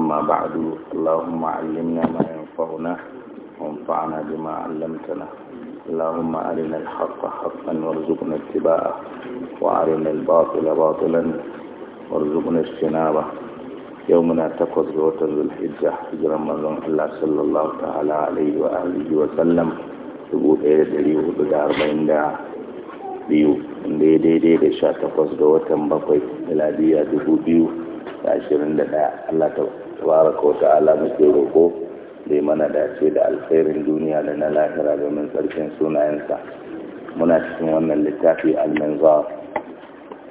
أما بعد اللهم علمنا ما ينفعنا وانفعنا بما علمتنا اللهم أرنا الحق حقا وارزقنا اتباعه وأرنا الباطل باطلا وارزقنا اجتنابه يومنا تقوز بوتر الحجة حجر رمضان الله صلى الله تعالى عليه وآله وسلم تقول إيه دليل بدار بين دا biyu dai daidai da sha takwas ga watan bakwai miladiya dubu biyu da ashirin da ɗaya Allah ta tabaraka wa ta'ala muke roƙo da mana dace da alkhairin duniya da na lahira mun tsarkin sunayensa muna cikin wannan littafi al-manzar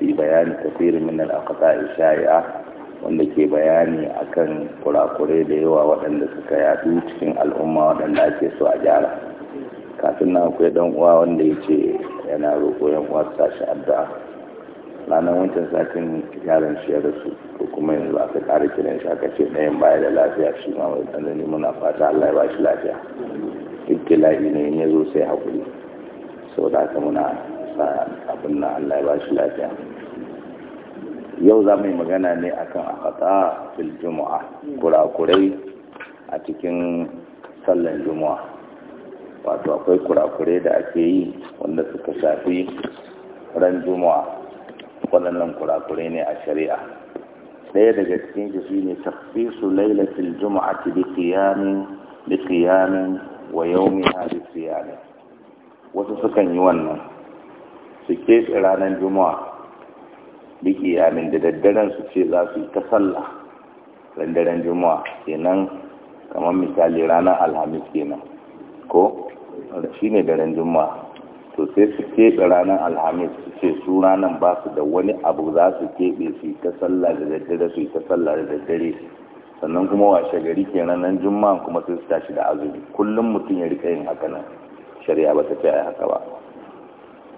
fi bayani kafirin min al-aqta'i shai'a wanda ke bayani akan kurakure da yawa waɗanda suka yadu cikin al'umma waɗanda ake so a gyara kafin na akwai dan uwa wanda ya ce yana roƙo yan uwa su tashi addu'a ranar wancan satin yaron shi da su ko kuma yanzu aka kare kiran shi aka ce ɗayan baya da lafiya shi ma mai tsanani muna fata Allah ya ba shi lafiya ibtila'i ne ya zo sai haƙuri sau da haka muna sa abin na Allah ya ba shi lafiya yau za mu yi magana ne akan akata fil juma'a kurakurai a cikin sallan juma'a wato akwai kurakurai da ake yi wanda suka shafi ran juma'a waɗannan kurakurai ne a shari'a ɗaya daga cikin shi shine tafsisu lailatul jumu'ati bi qiyamin bi qiyamin wa yawmiha bi qiyamin wasu sukan yi wannan su ke ranar juma'a bi qiyamin da daddaren su ce za su yi ta sallah ran daren juma'a kenan kamar misali ranar alhamis kenan ko shine daren juma'a to sai su keɓe ranar alhamis su ce su ranar ba su da wani abu za su keɓe su yi ta sallah da daddare su yi ta sallah da daddare sannan kuma washe gari ke ranar juma'a kuma sai su tashi da azumi kullum mutum ya rika yin haka nan shari'a ba ta ce ai haka ba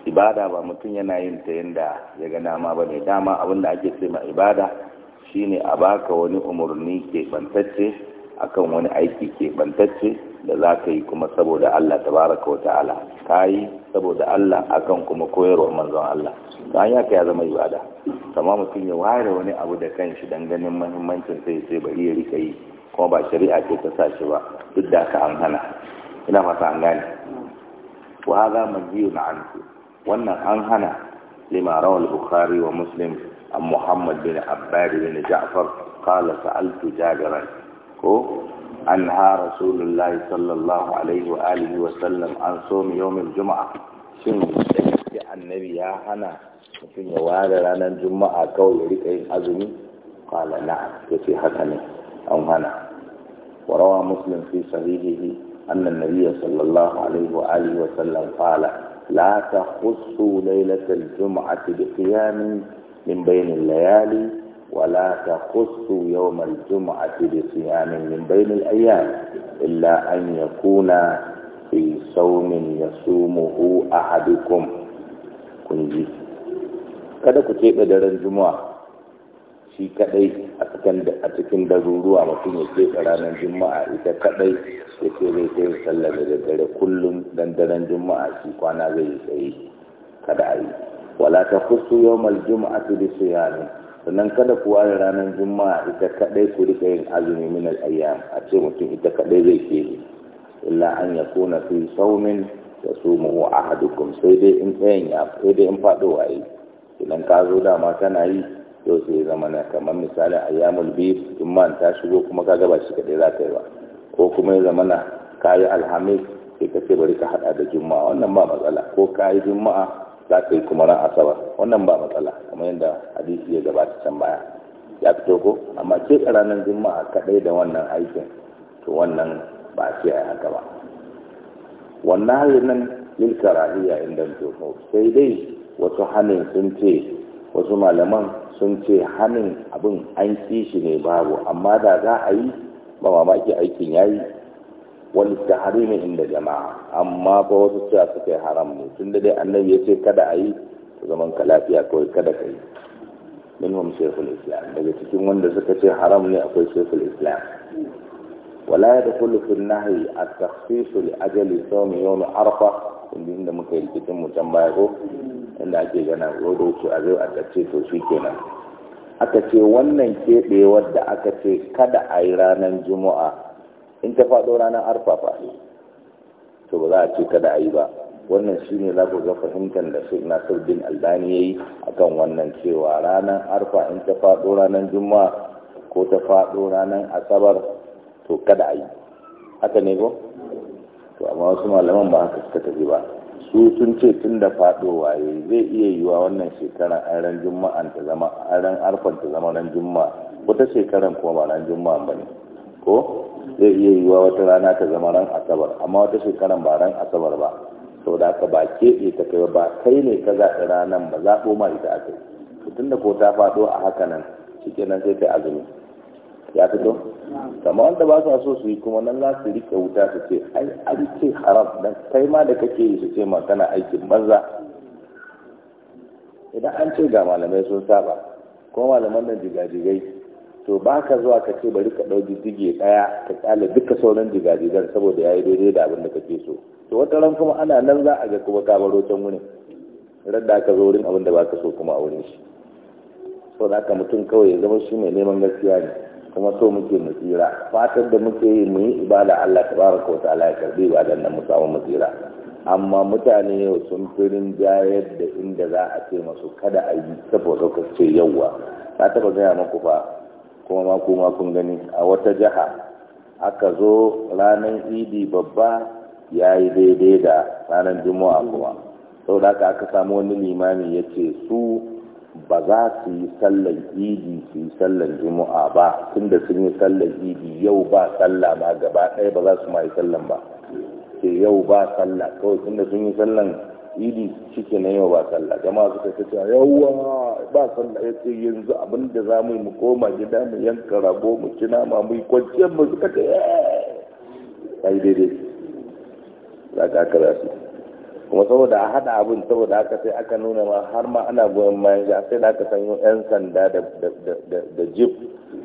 ibada ba mutum yana yin ta yanda ya ga dama ba ne dama abin da ake ce ma ibada shine a baka wani umarni keɓantacce akan wani aiki ke, bantacce da za ka yi kuma saboda Allah tabaraka wa ta'ala ka yi saboda Allah akan kuma koyarwa manzon Allah ta hanya ka ya zama ibada Kamar mutum ya ware wani abu da kanshi dan ganin muhimmancin sai sai bari ya rika yi kuma ba shari'a ce ta sa shi ba duk da ka an hana ina fata an gane wa hadha manhiyun anhu wannan an hana lima rawal bukhari wa muslim an muhammad bin abbad bin ja'far qala sa'altu jabiran عنها رسول الله صلى الله عليه وآله وسلم عن صوم يوم الجمعة شن سيكي النبي يا حنا في نوال لنا الجمعة كوي ركعي أزمي قال نعم كفي حسني أو هنا وروى مسلم في صحيحه أن النبي صلى الله عليه وآله وسلم قال لا تخصوا ليلة الجمعة بقيام من بين الليالي ولا تخص يوم الجمعة بصيام من بين الأيام إلا أن يكون في صوم يصومه أحدكم كنجي kada ku keɓe daren juma'a shi kaɗai a cikin daruruwa mutum ya keɓe ranar juma'a ita kaɗai ya ce zai kai sallar da dare kullum dan daren juma'a shi kwana zai yi tsaye kada a yi wala ta kusu yawmal juma'atu bi siyamin sannan kada ku ware ranar juma'a ita kadai ku rika yin azumi min al-ayyam a ce mutum ita kadai zai ke yi illa an yakuna fi sawmin yasumuhu ahadukum sai dai in tsayin ya sai dai in fado waye idan ka zo dama kana yi to sai zama na kamar misali ayyamul bid juma'a ta shigo kuma ka gaba shi kadai za ka yi ba ko kuma ya zama na kayi alhamis sai ka ce bari ka hada da juma'a wannan ba matsala ko kayi juma'a za ka yi kuma ran asabar wannan ba matsala kamar yadda hadisi ya gabata can baya ya fito ko amma ke ranar juma'a kaɗai da wannan aikin to wannan ba a a haka ba wannan hali nan lil karahiyya inda jumhur sai dai wasu hanin sun ce wasu malaman sun ce hanin abin an shi ne babu amma da za a yi ba mamaki aikin ya yi. wani harimin inda jama'a amma ba wasu cewa suka yi haram ne tun da dai annabi ya ce kada a yi ta zaman ka lafiya kawai kada ka yi minhum shekul islam daga cikin wanda suka ce haram ne akwai shekul islam wala yadkhulu fi an-nahy at-takhsis li ajali yau yawm arfa inda inda muka yi cikin mutan baya ko inda ake gana rodo su a zai aka ce to shi kenan aka ce wannan keɓewar da aka ce kada a yi ranar juma'a in ta faɗo ranar arfafa to ba za a ce kada a yi ba wannan shi ne za ku ga fahimtar da shi na bin albani ya yi a kan wannan cewa ranar arfa in ta faɗo ranar juma'a ko ta faɗo ranar asabar to kada a yi haka ne ko to amma wasu malaman ba haka suka tafi ba su sun ce tun da faɗo waye zai iya yiwa wannan shekaran an ran juma'an ta zama an ran arfan ta zama ran juma'a wata shekaran kuma ba ran juma'a ba ne ko zai iya yiwa wata rana ta zama ran asabar amma wata shekaran ba ran asabar ba sau da aka ba ne ta kai ba kai ne ka zaɓi ranar ba za ma ita a kai tun da ko ta faɗo a haka nan cikin nan sai ta azumi ya fito kamar wanda ba sa so su yi kuma nan za su riƙe wuta su ce ai an ce haram dan kai ma da kake yi su ce ma kana aikin banza idan an ce ga malamai sun saba ko malaman nan jigajigai to ba ka zuwa ka ce bari ka ɗau diddige ɗaya ka ƙyale duka sauran jigajigar saboda ya yi daidai da abin da kake so to wata ran kuma ana nan za a ga kuma ka baro can wurin radda aka zo wurin abin da ba ka so kuma a wurin shi so da haka mutum kawai ya zama shi mai neman gaskiya ne kuma so muke mu tsira fatar da muke yi mu yi ibada Allah tabaraka wa ta'ala ya karbi ibadan nan mu samu mu tsira amma mutane yau sun firin jayar da inda za a ce masu kada a yi saboda ka ce yauwa na taba gaya maku fa kuma ma kuma kun gani a wata jiha aka zo ranar idi babba ya yi daidai da ranar juma'a kuma sau da aka aka samu wani limami ya ce su ba za su yi sallar idi su yi sallar juma'a ba tun da sun yi sallar idi yau ba sallah ba gaba ɗaya ba za su ma yi sallar ba ce yau ba sallah kawai tun da sun yi sallar idi shike na yau ba sallah jama'a suka ta ce yawa ba sallah ya ce yanzu abin da za mu yi mu koma gida mu yanka rago mu ci nama mu yi kwanciyar mu suka ce yi eh! daidai za ka kara su kuma saboda a haɗa abin saboda aka sai aka nuna ma har ma ana goyon bayan shi sai da aka sanyo yan sanda da jip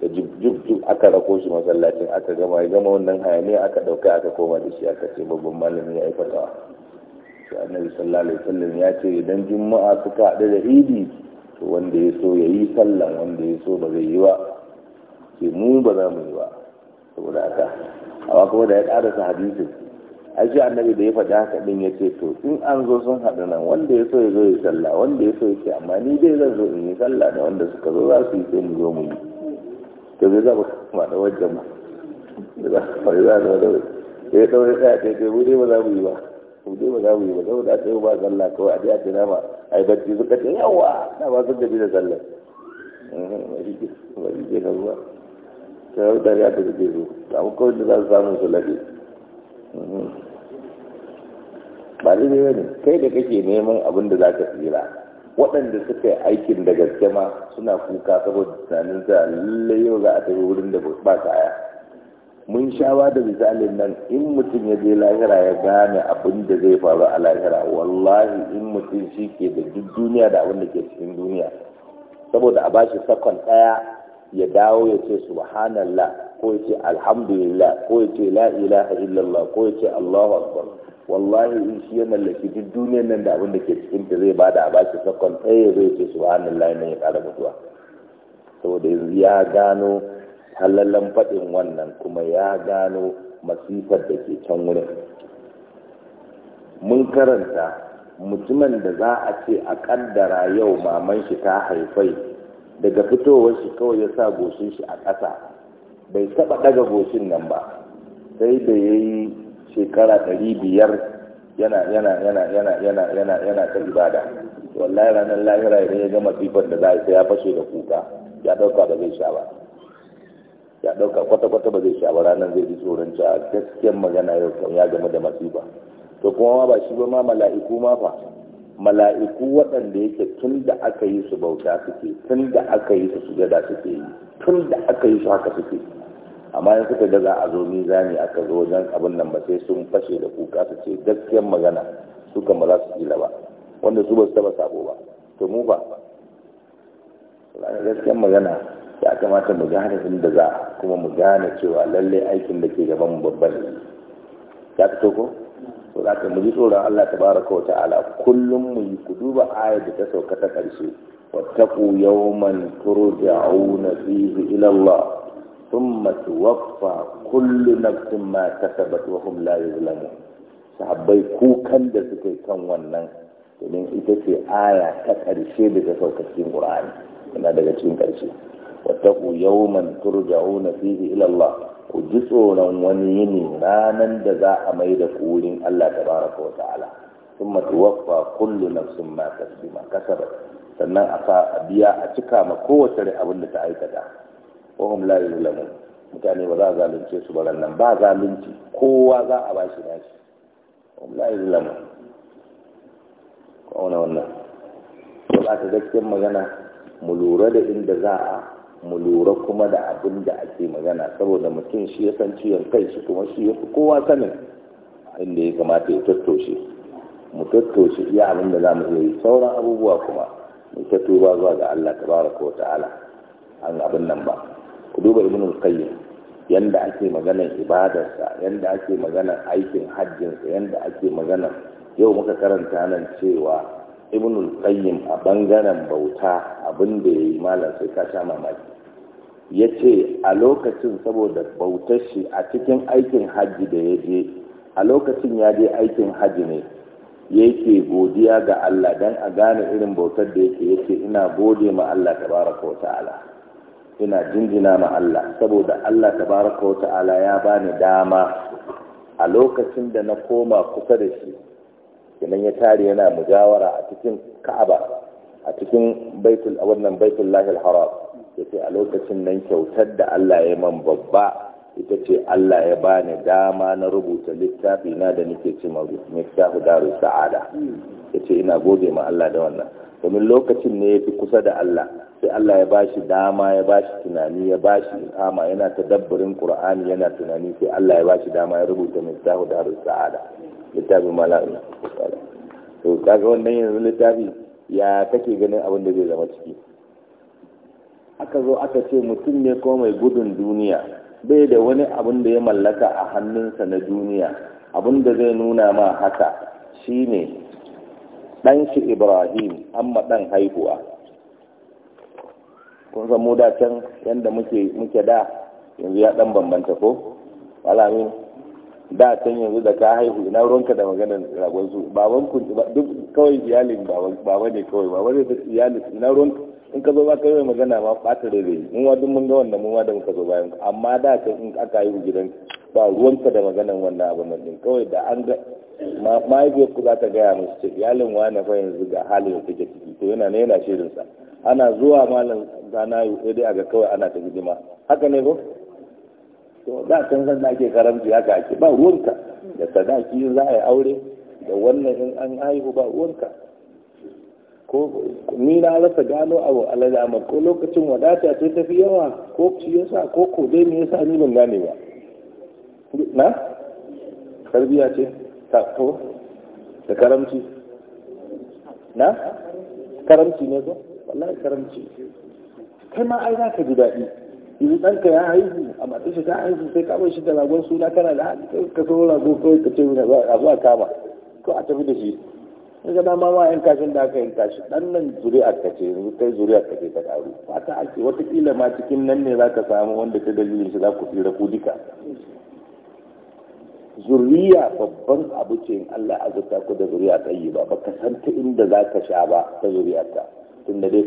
da jib jib aka rako shi masallacin aka gama ya gama wannan hayaniya aka ɗauka aka koma da shi aka ce babban malami ya yi fatawa sai annabi sallallahu alaihi wasallam ya ce idan juma'a suka haɗu da idi to wanda ya so ya yi sallan wanda ya so ba zai yi ba ce mu ba za mu yi ba saboda haka amma kuma da ya ƙarasa hadisi ai shi annabi da ya faɗi haka din ya ce to in an zo sun haɗu nan wanda ya so ya zo ya sallah wanda ya so ya ce amma ni dai zan zo in yi sallah da wanda suka zo za su yi sai mu zo mu yi to zai zaba kuma da wajen ma da za su faru za su da wajen eh, ya ɗaure ɗaya ta ce mu dai ba za mu yi ba to dai ba za mu yi ba saboda a yi ba sallah kawai a dai a ce na ma ai bacci suka ce yawa na ba sun gaji da sallah ba shi ke nan ba ta yau da ya ta suke so kawai da za su samu su lafi ba zai ne kai da kake neman abin da za ka tsira waɗanda suka yi aikin da gaske ma suna kuka saboda tunanin za lallai yau za a tafi wurin da ba kaya mun shawa da misalin nan in mutum ya je lahira ya gane abin da zai faru a lahira wallahi in mutum shi ke da duk duniya da abin da ke cikin duniya saboda a bashi sakon ɗaya ya dawo ya ce subhanallah ko ya ce alhamdulillah ko ya ce la ilaha illallah ko ya ce allahu akbar wallahi in shi ya mallaki duk duniyan nan da abin da ke cikin ta zai bada a bashi sakon ɗaya ya zo ya ce subhanallah ne ya ƙara mutuwa saboda yanzu ya gano halalan faɗin wannan kuma ya gano masifar da ke can wurin mun karanta mutumin da za a ce a ƙaddara yau maman shi ta haifai daga fitowar shi kawai ya sa goshin shi a ƙasa bai taɓa ɗaga goshin nan ba sai da ya yi shekara ɗari biyar yana yana yana yana yana yana yana ta ibada wallahi ranar lahira idan ya gama sifar da za a ya fashe da kuka ya ɗauka da zai sha ba ya ɗauka kwata-kwata ba zai sha ba ranar zai ji tsoron a gasken magana yau kan ya game da masifa to kuma ba shi ba ma mala'iku ma fa mala'iku waɗanda yake tun da aka yi su bauta suke tun da aka yi su sujada suke yi tun da aka yi su haka suke amma in suka ga za a zo ni zani aka zo wajen abin nan ba sai sun fashe da kuka su ce gaskiyar magana su kan ba za su kila ba wanda su ba su taba sabo ba to mu ba gaskiyar magana ya kamata mu gane inda za kuma mu gane cewa lallai aikin da ke gaban mu babban ne ya fito ko za ka mu tsoron Allah Ta tabaraka wa ta'ala kullum mu yi ku duba ayar da ta sauka ta ƙarshe wattaqu yawman turja'una fihi ila Allah thumma tuwaffa kullu nafsin ma kasabat wa hum la yuzlamun sahabbai kukan da suka kan wannan domin ita ce aya ta ƙarshe da ta sauka cikin Qur'ani daga cikin ƙarshe wataku yawman turja'una fihi ila Allah ku ji tsoron wani yini ranan da za a mai da kurin Allah tabaraka wa ta'ala sun matuwaffa kullu nafsin ma kasbima kasabat sannan a sa a biya a cika ma kowace ri abin da ta aikata wahum la yulamu mutane ba za a zalunce su ba nan ba zalunci kowa za a bashi nashi wahum la yulamu ko wannan to ba ta gaskiyar magana mu lura da inda za a mu lura kuma da abin da ake magana saboda mutum shi ya san ciwon kai shi kuma shi ya fi kowa sanin inda ya kamata ya tattoshe mu tattoshe iya abin da za mu iya yi sauran abubuwa kuma mu ta tuba zuwa ga Allah tabaraka wa ta'ala an abin nan ba ku duba ibn qayyim yanda ake maganar ibadarsa yanda ake maganar aikin hajjinsa yanda ake maganar yau muka karanta nan cewa ibnul qayyim a bangaren bauta abin da yayi malam sai ka sha mamaki yace a lokacin saboda bautar shi a cikin aikin hajji da ya je a lokacin ya je aikin hajji ne yake godiya ga Allah dan a gane irin bautar da yake yace ina gode ma Allah tabaraka wa ta'ala ina jinjina ma Allah saboda Allah tabaraka wa ta'ala ya bani dama a lokacin da na koma kusa da shi kenan ya tare yana mujawara a cikin ka'aba a cikin baitul wannan baitul lahil haram yace a lokacin nan kyautar da Allah ya man babba ita ce Allah ya bani dama na rubuta littafi na da nake ce miftahu daru sa'ada yace ina gode ma Allah da wannan domin lokacin ne yafi kusa da Allah sai Allah ya bashi dama ya bashi tunani ya bashi ilhama yana tadabburin Qur'ani yana tunani sai Allah ya bashi dama ya rubuta miftahu daru sa'ada littafin mala'ika to kaga wannan yanzu littafi ya kake ganin abin da zai zama ciki aka zo aka ce mutum ne ko mai gudun duniya bai da wani abin da ya mallaka a hannunsa na duniya abin da zai nuna ma haka shine ɗan shi ibrahim amma dan haihuwa kun san mu da can yadda muke da yanzu ya ɗan bambanta ko alamin da can yanzu da ka haihu ina ruwanka da maganar ragon su baban ku duk kawai iyalin baba ne kawai baba ne iyalin ina ruwanka in ka zo ba kai magana ma fata da rai mun wadin mun ga wannan mun wadin ka zo bayan amma da ka in aka yi gidan ba ruwanka da maganar wannan abin nan din kawai da an ga mahaifiyar ku za ta gaya musu ce iyalin wani fa yanzu ga halin da take ciki to yana ne yana shirin sa ana zuwa malam gana sai dai a ga kawai ana ta hidima haka ne ko to da can zan da ake karamci haka ake ba ruwanka da sadaki za a yi aure da wannan in an haihu ba ruwanka ko ni na rasa gano abu al'amar ko lokacin wadata ta tafi yawa ko shi yasa ko ko dai me yasa ni ban gane ba na tarbiya ce ta to da karamci na karamci ne ko wallahi karamci kai ma ai za ka ji daɗi in ɗanka ya haihu a matarsa ta haihu sai ka bashi shi da ragon suna kana da kai ka so rago kawai ka ce a zuwa kama ko a tafi da shi in ga dama ma yan kashin da aka yi kashi ɗan nan zuri'a ka ce yanzu kai zuri ka ce ta ƙaru fata ake watakila ma cikin nan ne za ka samu wanda ta dalilin shi za ku tsira ku duka zuriya babban abu ce in Allah azurta ku da zuriya yi ba ka san ta inda za ka sha ba ta zuriya ka tunda dai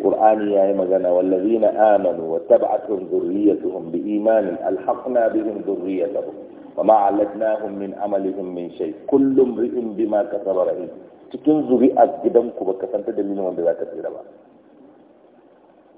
ya yi magana wallazina amanu wa wattaba'atuhum dhurriyyatuhum biimanin alhaqna bihim dhurriyyatahum wama alatnahum min amalihim min shay kullum ri'in bima ka saba rahi cikin zuri'a gidanku baka san ta dalilin wanda ka tsira ba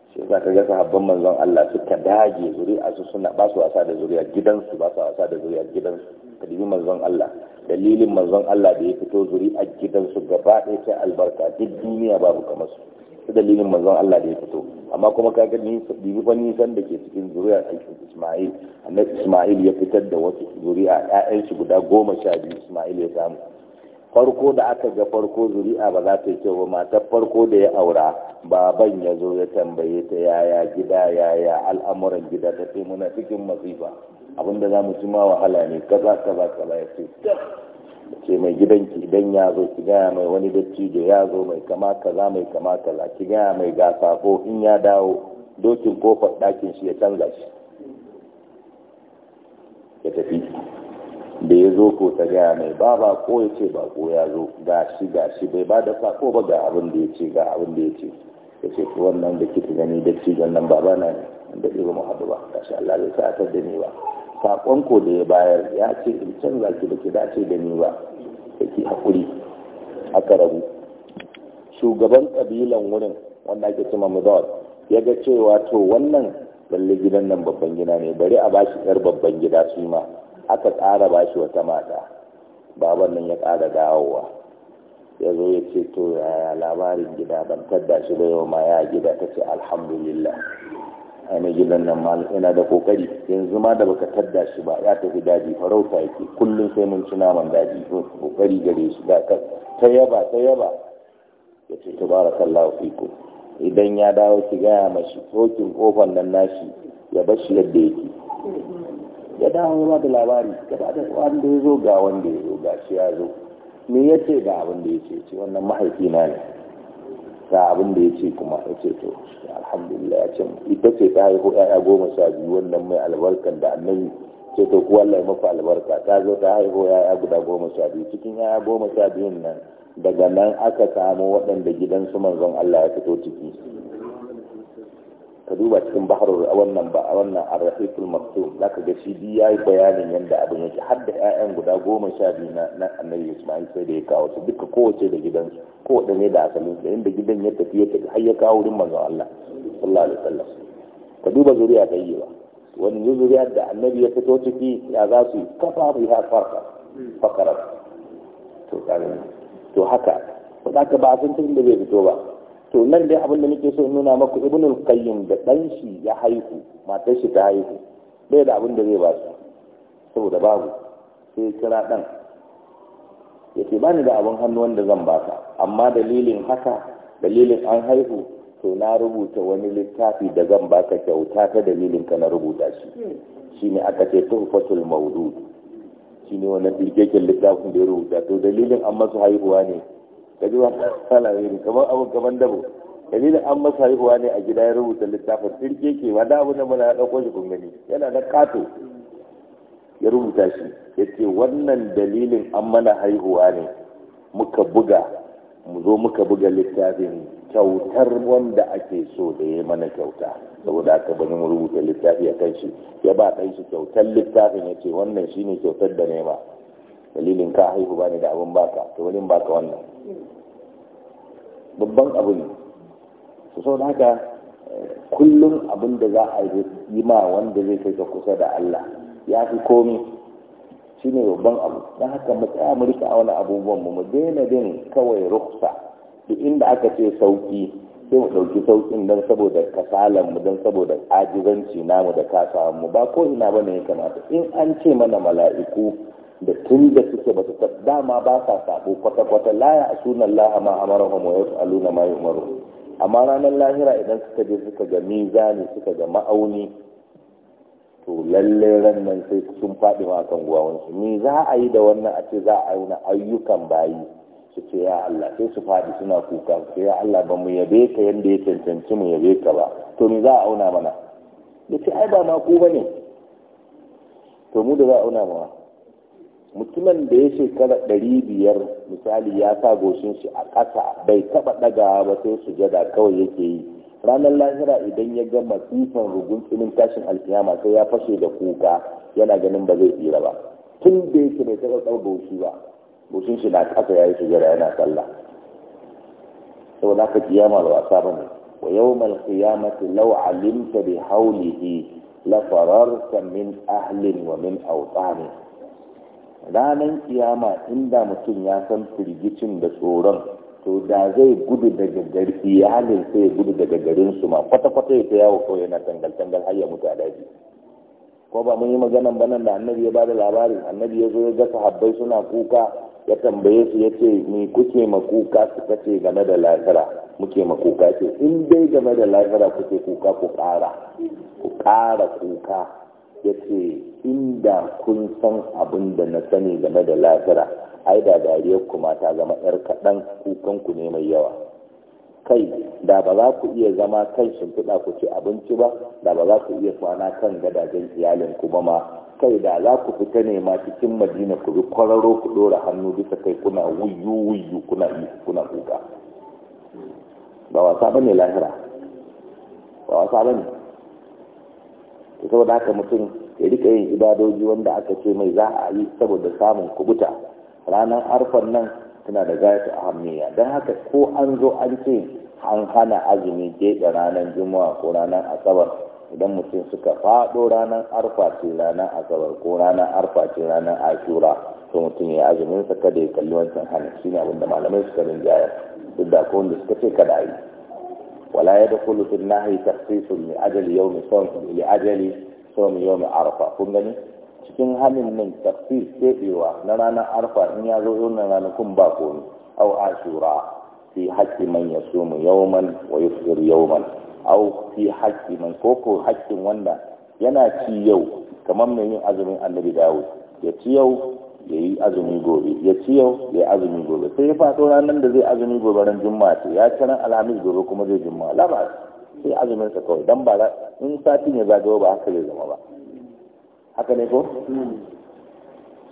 shi za ka ga sahabban manzon Allah suka dage zuri'a su suna ba su wasa da zuri'a gidansu ba su wasa da zuri'a gidansu ka kadibi manzon Allah dalilin manzon Allah da ya fito zuri'a gidansu gaba ɗaya ta albarka duk duniya babu kamar su ta dalilin manzon Allah da ya fito amma kuma kaga ni bibi fa nisan da ke cikin zuriya Isma'il annabi Isma'il ya fitar da wata zuriya ƴaƴan shi guda goma sha biyu Isma'il ya samu farko da aka ga farko zuri'a ba za ta yi kyau ba matar farko da ya aura baban ya zo ya tambaye ta yaya gida yaya al'amuran gida ta ce muna cikin masifa abinda za mu ci ma wahala ne kaza kaza kaza ya ce ce mai gidanki idan ya zo ki gaya mai wani dattijo ya zo mai kama kaza mai kama kaza ki gaya mai ga safo in ya dawo dokin kofar ɗakin shi ya canza shi ya tafi da ya zo ko ta gaya mai ba ba ko ya ce ba ko ya zo ga shi ga shi bai ba da safo ba ga abin da ya ce ga abin da ya ce ya ce wannan da kika gani dattijon nan baba na ne an daɗe ba mu haɗu ba Allah zai sa da ni ba saƙon ko da ya bayar ya ce in canza ki da ki dace da ni ba da ki haƙuri aka rabu shugaban ƙabilan wurin wanda ake cima muzawar ya ga cewa to wannan lalle gidan nan babban gida ne bari a bashi yar babban gida su ma aka ƙara bashi wata mata baban nan ya ƙara dawowa ya zo ya ce to yaya labarin gida ban tadda shi da yau ma ya gida ta ce alhamdulillah a mai nan ma yana da kokari yanzu ma da baka tadda shi ba ya tafi daji farauta yake kullum sai mun ci naman daji kokari gare shi da ka ta yaba ta yaba ya ce tabarakallahu fiku idan ya dawo ki gaya mashi tokin kofan nan nashi ya bar shi yadda yake ya dawo ya da labari ya ba da wanda ya zo ga wanda ya zo ga shi ya zo me ya ce ga abin da ya ce wannan mahaifina ne ga abin da ya ce kuma ya ce to alhamdulillah ya ce ita ce ta haihu ya'ya goma sha biyu wannan mai albarkan da annabi ce to kuwa Allah maka albarka ta zo ta haihu ya'ya guda goma sha biyu cikin ya'ya goma sha biyun nan daga nan aka samu waɗanda gidansu manzon Allah ya fito ciki ka duba cikin a wannan ba wannan ar-rahiqul za ka ga shi ya yi bayanin yadda abin yake har da ƴaƴan guda goma sha biyu na na Annabi Isma'il sai da ya kawo su duka kowace da gidansu ko da ne da asalin da inda gidan ya tafi ya tafi har ya kawo wurin manzo Allah sallallahu alaihi wasallam ka duba zuriya ba wani zuriya da Annabi ya fito ciki ya za su kafa biha farqa faqara to kan to haka ba ka ba sun tun da bai fito ba to nan dai abin da nake so in nuna maku al qayyim da dan shi ya haihu matar shi ta haihu bai da abin da zai ba su saboda babu sai kira dan ya ce bani da abin hannu wanda zan baka amma dalilin haka dalilin an haihu to na rubuta wani littafi da zan ba ka kyauta ta dalilin ka na rubuta shi shine aka ce tuhfatul Shi shine wannan bilgekin littafin da ya rubuta to dalilin an masu haihuwa ne ka ji ba salaye ne kamar abu kamar dabo dalilin an masa haihuwa ne a gida ya rubuta littafin sirke ke ba da abu na mana ya ɗauko shi kun yana da kato ya rubuta shi ya ce wannan dalilin an mana haihuwa ne muka buga mu zo muka buga littafin kyautar wanda ake so da ya mana kyauta saboda aka bari mu rubuta littafi a kan shi ya ba ɗan shi kyautar littafin ya ce wannan shine kyautar da nema dalilin ka haihu bani da abin baka to wani baka wannan babban abu ne su sau da haka kullum abin da za a yi ma wanda zai kai ka kusa da Allah ya fi komi shi ne babban abu don haka matsaya mu rika wani abubuwan mu mu daina bin kawai ruksa duk inda aka ce sauki sai mu ɗauki saukin don saboda kasalan mu don saboda ajizanci namu da kasawan mu ba ko ina bane ya kamata in an ce mana mala'iku da tun da suke ba su dama ba sa sabo kwata-kwata laya a sunan laha ma amara homo ya su aluna ma yi umaru amma ranar lahira idan suka je suka ga mizani suka ga ma'auni to lalle ran nan sai sun faɗi ma kan guwawansu me za a yi da wannan a ce za a auna ayyukan bayi su ce ya Allah sai su faɗi suna kuka su ce ya Allah ba mu yabe ka yadda ya cancanci mu yabe ka ba to me za a auna mana da ce ai ba ma ku ba ne to mu da za a auna mawa mutumin da ya shekara ɗari biyar misali ya sa goshin shi a ƙasa bai taɓa ɗagawa ba sai sujada kawai yake yi ranar lahira idan ya ga masifan rugun tsinin tashin alkiyama sai ya fashe da kuka yana ganin ba zai tsira ba tun da yake bai taɓa tsar goshi ba goshin shi na ƙasa ya yi sujada yana sallah na ka kiyama da wasa ba ne wa yau kiyama ta lau alimta bi haulihi la fararta min ahlin wa min awtanin ranar kiyama inda mutum ya san firgicin da tsoron to da zai gudu daga gari iyalin sai gudu daga garinsu ma kwata-kwata ya yawo kawai yana tangal-tangal har ya mutu a daji ko ba mun yi maganan ba nan da annabi ya ba da labarin annabi ya zo ya ga sahabbai suna kuka ya tambaye su ya ce ni kuke ma kuka suka ce game da lazara muke ma kuka ce in dai game da lazara kuke kuka ku ƙara ku ƙara kuka ya ce inda kun san abin da na sani game da lafira ai da dariyar kuma ta zama yar kaɗan kukanku ne mai yawa kai da ba za ku iya zama kan shimfiɗa ku ci abinci ba da ba za ku iya kwana kan gadajen iyalin kuma ma kai da za ku fita ne ma cikin madina ku bi kwararo ku ɗora hannu bisa kai kuna wuyu wuyu kuna kuna kuka ba wasa bane lahira ba wasa bane saboda haka mutum ya rika yin ibadoji wanda aka ce mai za a yi saboda samun kubuta ranar arfan nan tana da ta ahammiya don haka ko an zo an ce an hana azumi geɗe ranar juma'a ko ranar asabar idan mutum suka faɗo ranar arfa ce ranar asabar ko ranar arfa ce ranar ashura to mutum ya azumin sa kada ya kalli wancan hana shine abin da malamai suka rinjaya duk da ko suka ce kada a yi ولا يدخل في النهي تخصيص لأجل يوم صوم لأجل صوم يوم عرفة كن cikin halin nan tafsir keɓewa na ranar arfa in ya zo na kun ba ni au ashura fi haƙƙi man ya sumu yauman wa yauman au fi haƙƙi man koko haƙƙin wanda yana ci yau kamar mai yin azumin annabi dawo ya ci yau ya yi azumi gobe ya ci yau ya azumi gobe sai ya faɗo ranar da zai azumi gobe ran juma'a ce ya ci alhamis gobe kuma zai juma'a labas sai azumin sa kawai dan ba in satin ya zagayo ba haka zai zama ba haka ne ko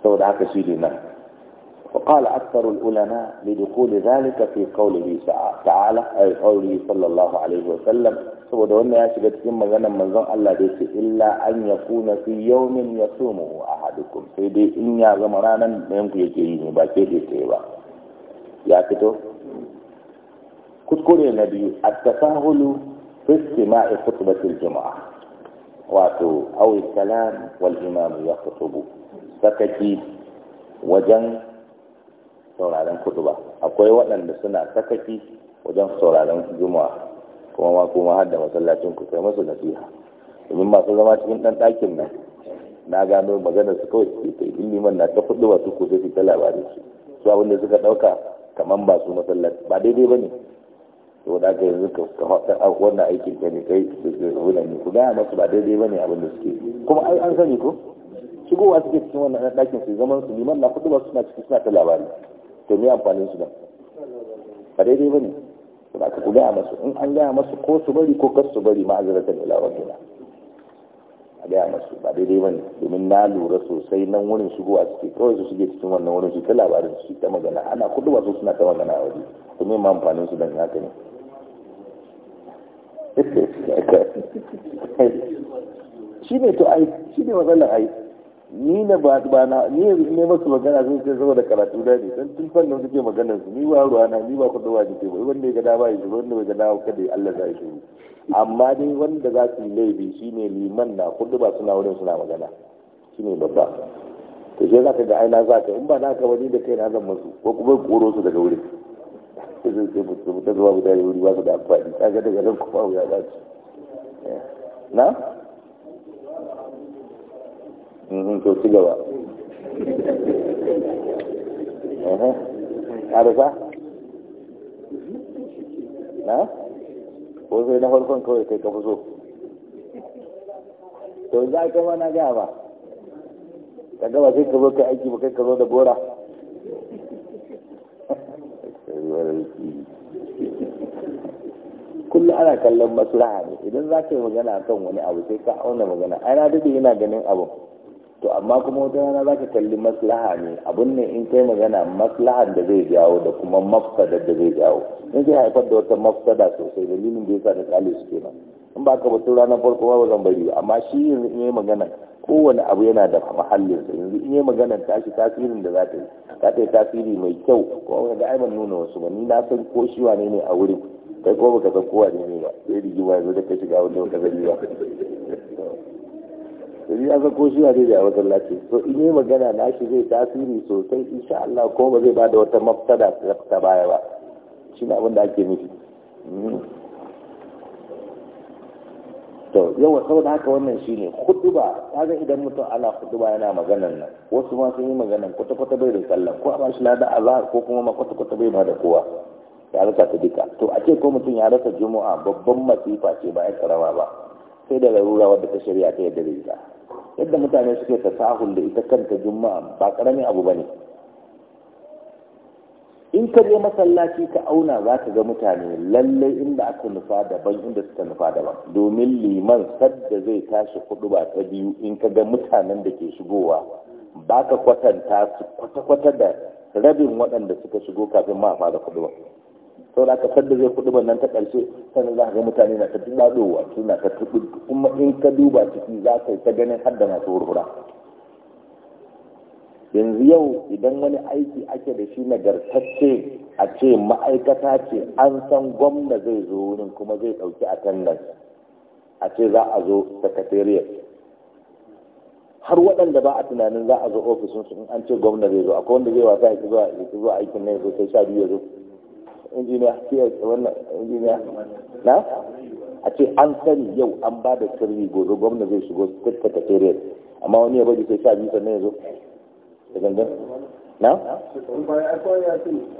saboda haka shi ne nan وقال أكثر العلماء لدخول ذلك في قوله تعالى أي قوله صلى الله عليه وسلم saboda wannan ya shiga cikin maganar manzon Allah da yake illa an ya kuna fi yawmin ya sumu a sai dai in ya zama ranar da yanku yake yi ne ba ke da tsaye ba ya fito kuskure na biyu a tasahulu fi istima'i khutbatil jama'a wato awai salam wal imamu ya kutubu sakaki wajen sauraron kutuba akwai waɗanda suna sakaki wajen sauraren juma'a kuma ma kuma hadda masallacin ku kai masu nasiha domin masu zama cikin dan ɗakin nan na gano maganar su kawai suke kai in liman na ta kudu wasu ko sai ta labarin su su abin da suka ɗauka kamar ba su masallaci ba daidai ba ne to da ka yanzu ka wannan aikin ka ne kai su ke zuwa ne ku gaya masu ba daidai ba ne abin da suke kuma ai an sani ko shigowa suke cikin wannan ɗakin su zaman su liman na kudu wasu suna cikin suna ta labari to me amfanin su da ba daidai ba ne ba ka ku gaya masu in an gaya masu ko su bari ko kas su bari ma'azaratan ila rabbina a gaya masu ba daidai ba ne domin na lura sosai nan wurin shigo a cikin kawai su shige cikin wannan wurin shi ta labarin su ta magana ana kudu ba su suna ta magana a waje to me ma amfanin su dan haka ne shi ne to ai shi ne matsalar ai ni na ba ba na ni ne masu magana sun ce saboda karatu da ne dan tun fannin suke magana su ni ba ruwa na ni ba kudu ba nake ba wanda ya ga dama shi wanda ya ga ka dai Allah zai shi amma dai wanda za su yi laifi shine liman na kudu ba suna wurin suna magana shine babba to sai zaka ga aina zaka in ba ka wani da kai na zan musu ko kuma koro su daga wurin sai ce mutum ta zuwa guda wuri ba su da amfani kaga daga nan kuma ya za su eh, na mhm to ci gaba ƙarfa mhm. na ko sai na farkon kawai kai kafa so to za ka mana ga ba ka gaba sai ka zo kai aiki ba kai ka zo da gora kullum ana kallon maslaha ne idan za ka yi magana kan wani abu sai ka auna magana ana dade yana ganin abu to amma kuma wata rana za ka kalli maslaha ne abin ne in kai magana maslahan da zai jawo da kuma mafsada da zai jawo in zai haifar da wata mafsada sosai dalilin da yasa da kalli su kenan in ba ka ba tun ranar farko ba zan bari amma shi yanzu in yi magana kowane abu yana da mahallin sa yanzu in yi magana tashi tasirin da za ta yi ta ta yi tasiri mai kyau ko wani da aiman nuna wasu ba ni na san ko shi wane ne a wurin kai ko baka san kowa ne ba sai rigima yanzu da ka shiga wanda baka sani ba sai ya ko shi a daidai a masallaci so in yi magana na shi zai tasiri sosai insha Allah ko ba zai bada wata mafsada ta baya ba shi ne abin da ake nufi hmm. to yawa saboda haka wannan shi ne huduba kaga idan mutum ana huduba yana maganan nan wasu ma sun yi maganan kwata-kwata bai da sallan ko a ba shi lada a ko kuma ma kwata-kwata bai ma da kowa ya rasa ta duka to a ce ko mutum ya rasa juma'a babban masifa ce ba ya karama ba sai da larura wadda ta shari'a ta yadda da ita yadda mutane suke tasahul da ita kanta juma'a ba karamin abu bane in ka je masallaci ka auna za ka ga mutane lalle inda aka nufa daban inda suka nufa daban domin liman sadda zai tashi kudu ba ta biyu in ka ga mutanen da ke shigowa ba ka kwatanta su kwata-kwata da rabin waɗanda suka shigo kafin ma fara kudu ba sau da aka sadda zai kudu nan ta ƙarshe sannan za ka ga mutane na ta su na ta tudu kuma in ka duba ciki za ka yi ta ganin hadda masu hurhura yanzu yau idan wani aiki ake da shi nagartacce a ce ma'aikata ce an san gwamna zai zo wurin kuma zai ɗauki attendance a ce za a zo secretariat har waɗanda ba a tunanin za a zo ofisinsu in an ce gwamna zai zo akwai wanda zai wasa ya zuwa aikin nan ya zo sai sha biyu ya zo injiniya wannan injiniya na a ce an sani yau an ba da sirri gobe gwamna zai shigo state secretariat amma wani ya bari sai sha biyu sannan ya zo da gangan na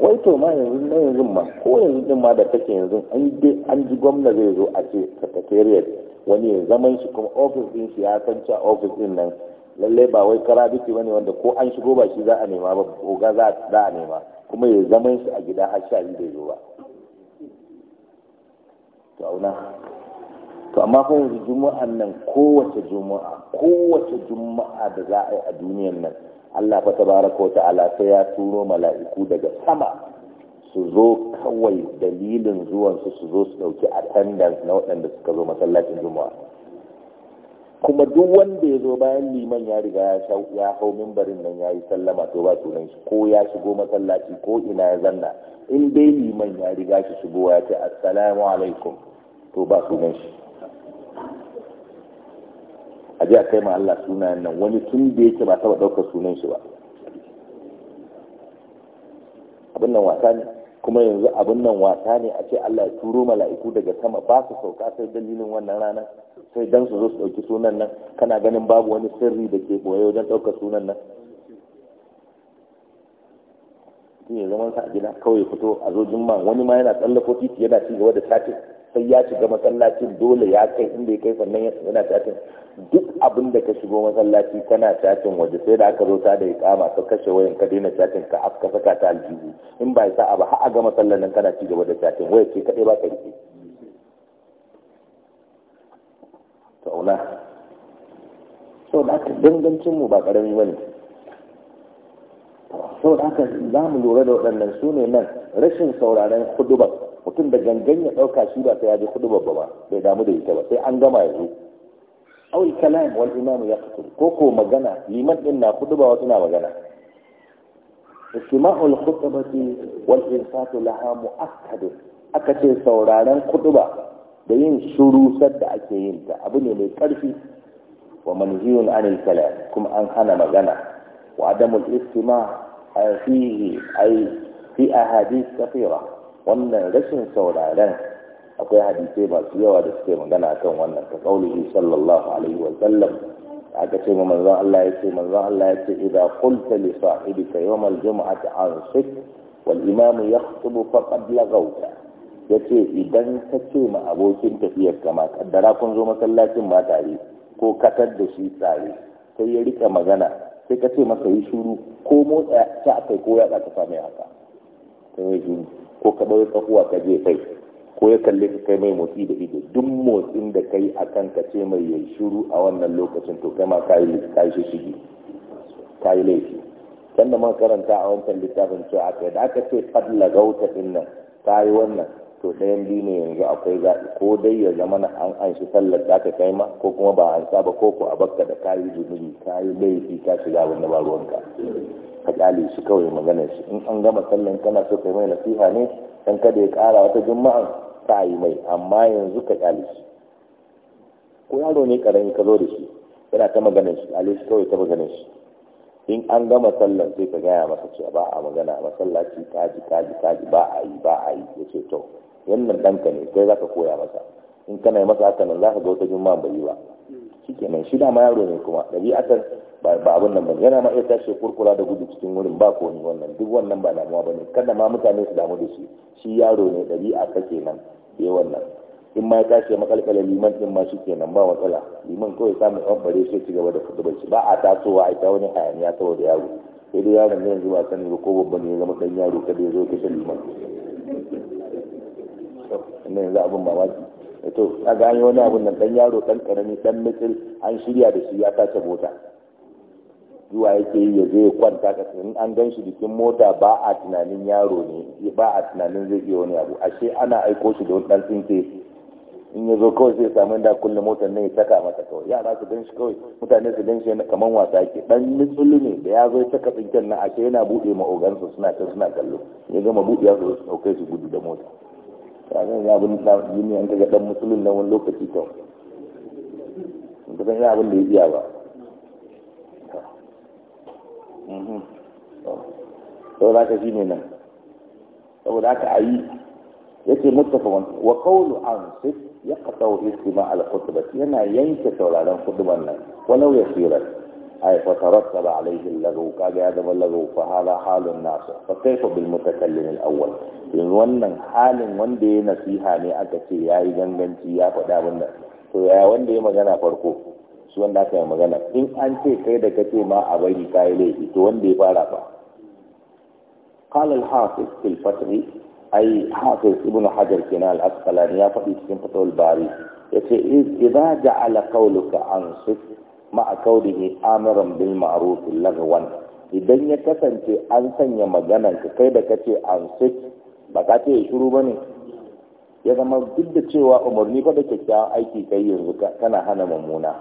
wai to ma yanzu na yanzu ma ko yanzu din ma da take yanzu an dai an ji gwamna zai zo a ce secretariat wani ya zaman shi kuma ofis din shi ya san cewa ofis din nan lallai ba wai karabiti bane wanda ko an shigo ba shi za a nema ba ko ga za a nema kuma ya zaman shi a gida har sha biyu bai zo ba to auna amma fa yanzu juma'an nan kowace juma'a kowace juma'a da za a yi a duniyan nan Allah fa tabaraka wa ta'ala sai ya turo mala'iku daga sama su zo kawai dalilin zuwansu su zo su dauki attendance na waɗanda suka zo masallacin juma'a kuma duk wanda ya zo bayan liman ya riga ya hau mimbarin nan ya yi sallama to ba sunan shi ko ya shigo masallaci ko ina ya zanna in dai liman ya riga shi shigo ya ce assalamu alaikum to ba sunan shi a ji a kai ma Allah sunayen nan wani tun da yake ba taba ɗaukar sunan shi ba abin nan wasa ne kuma yanzu abin nan wasa ne a ce Allah ya turo mala'iku daga sama ba su sauka sai dalilin wannan rana sai dan su zo su ɗauki sunan nan kana ganin babu wani sirri da ke boye wajen ɗaukar sunan nan ne zaman sa a gida kawai fito a zo jumma wani ma yana tsallako titi yana ci da satin sai ya shiga masallacin dole ya kai inda ya kai sannan ya yana satin duk abin da ka shigo masallaci kana satin waje sai da aka zo ta da kama ka kashe wayan ka daina satin ka aka saka ta aljihu in ba sa ba ha'a ga masallacin kana ci gaba da satin waya ce kadai ba ka rike to aula so da aka dangancin mu ba karami bane so da aka za mu lura da waɗannan su ne nan rashin sauraren hudubar mutum da gangan ya ɗauka shi ba ta ya ji kudu babba ba bai damu da ita ba sai an gama yanzu awul kalam wal imamu ya kutu ko ko magana liman din na kudu ba wasu na magana istima'ul khutbati wal insatu laha mu'akkad aka ce sauraren kuduba da yin shuru sadda ake yin ta abu ne mai karfi wa manhiyun anil kalam kuma an hana magana wa adamul istima' fihi ay fi ahadith kathira wannan rashin sauraren akwai hadisai masu yawa da suke magana kan wannan ka kaulihi sallallahu alaihi wa sallam aka ce ma manzon Allah ya ce manzon Allah ya ce idza qulta li sahibika yawm al-jum'ati ansik wal imam yakhutubu faqad laghawta yace idan ka ce ma abokin tafiyar ka ma kaddara kun zo masallacin ma tare ko katar da shi tare sai ya rike magana sai ka ce masa yi shuru ko motsa ta akai ko ya ka same haka sai ya ko ka ɗaure tsakuwa ka je kai ko ya kalli ka kai mai motsi da ido duk motsin da kai a kan ka ce mai yai shiru a wannan lokacin to kai ma ka yi shi shigi ka yi laifi can da man karanta a wancan littafin cewa aka yi da aka ce fadla gauta din nan ka yi wannan to ɗayan biyu ne yanzu akwai zaɓi ko dai ya zama na an an shi sallar da aka kai ma ko kuma ba an saba ko ko a bakka da ka yi zunubi ka yi laifi ka shiga wani baruwanka ruwanka ka kyale su kawai maganar shi in an gama sallan kana so kai mai nasiha ne dan kada ya kara wata juma'a ta yi mai amma yanzu ka kyale shi ko yaro ne karami ka zo da shi yana ta maganar shi kyale shi kawai ta maganar shi in an gama sallan sai ka gaya masa cewa ba a magana masallaci kaji kaji kaji ba a yi ba a yi ya ce to wannan ɗanka ne kai za ka koya masa in kana yi masa haka nan za ka ga wata juma'a bai yi ba shikenan shi dama yaro ne kuma ɗabi'atar ba abin nan ba yana ma iya tashi kurkura da gudu cikin wurin ba ko ni wannan duk wannan ba damuwa bane kada ma mutane su damu da shi shi yaro ne ɗabi'a ka kenan ya wannan in ma ya tashi makalkala liman din ma shikenan ba matsala liman kawai samun ɓanɓare shi ci gaba da fitabar shi ba a tasowa a ita wani hayaniya saboda yaro sai dai yaron ne yanzu ba sani ba ko babban ne ya zama ɗan yaro kada ya zo kashe liman. Wannan yanzu abin mamaki. to a an yi wani abun nan dan yaro dan karami dan mitsil an shirya da shi ya tace mota zuwa yake yi ya zai kwanta ka in an gan shi jikin mota ba a tunanin yaro ne ba a tunanin zai iya wani abu ashe ana aiko shi da wani dan tsinke in ya zo kawai zai samu inda kullum motar nan ya saka mata kawai yara su gan shi kawai mutane su gan shi kamar wasa ke dan mitsulu ne da ya zo ya saka tsinken nan ashe yana buɗe ma ogansu suna ta suna kallo ya gama buɗe ya zo su ɗauke su gudu da mota zan ya abin da yini an ga dan musulun nan wani lokaci to ba zan ya abin da ya iya ba mm-hmm. sau da shi ne nan saboda haka a yi yake muttafaqun wa qawlu an sit yaqta'u istima al-khutbah yana yanke sauraron khutban nan walau yasiran أي فترتب عليه اللغو قال يا ذا اللغو فهذا حال الناس فكيف بالمتكلم الأول wannan halin wanda ya nasiha ne aka ce ya yi ganganci ya faɗa wannan to ya wanda ya magana farko su wanda aka yi magana in an ce kai da kace ma a bari ka yi laifi to wanda ya fara ba قال الحافظ في الفتح أي حافظ ابن حجر كنا الأسقلاني يا فتح في الباري يقول إذا جعل قولك عن صدق ma'a kaulihi amiran bil ma'ruf lagawan idan ya kasance an sanya maganan ka kai da kace an sit ba ka ce ya shiru bane ya zama duk da cewa umarni fa da kyakkyawan aiki kai yanzu kana hana mummuna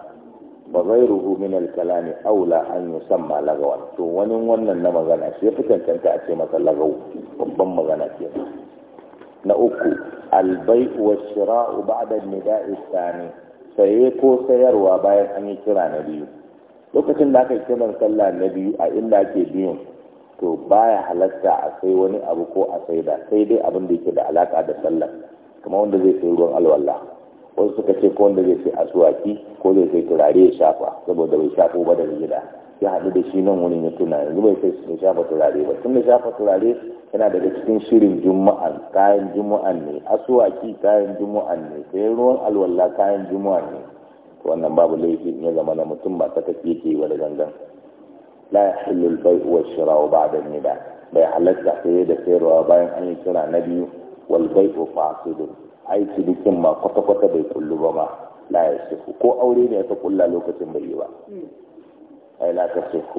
ba zai ruhu min alkalami aula an yi yusamma lagawan to wani wannan na magana shi ya fi cancanta a ce masa lagau babban magana ke na uku albai wa shira'u ba'da nida'i tsani saye ko sayarwa bayan an yi kira na biyu lokacin da aka yi kiran sallah na biyu a inda ake biyun to baya halatta a sai wani abu ko a sai da sai dai abin da yake da alaka da sallah kuma wanda zai sai ruwan alwala wasu suka ce ko wanda zai sai asuwaki ko zai sai turare ya shafa saboda bai shafo ba da gida ya haɗu da shi nan wani ya tuna yanzu bai kai sun shafa turare ba tun da shafa turare yana daga cikin shirin juma'an kayan juma'an ne asuwaki kayan juma'an ne sai ruwan alwala kayan juma'an ne wannan babu laifi ya zama na mutum ba ta tafi yake wa da gangan la yahillu al-bay'u wash-shira'u ba'da nida bai halatta sai da sayarwa bayan an yi kira na biyu wal bay'u fasidun ai cinikin ma kwata-kwata bai kullu ba ma la yasifu ko aure ne ya ta kulla lokacin bai yi ba hmm. أي لا تصح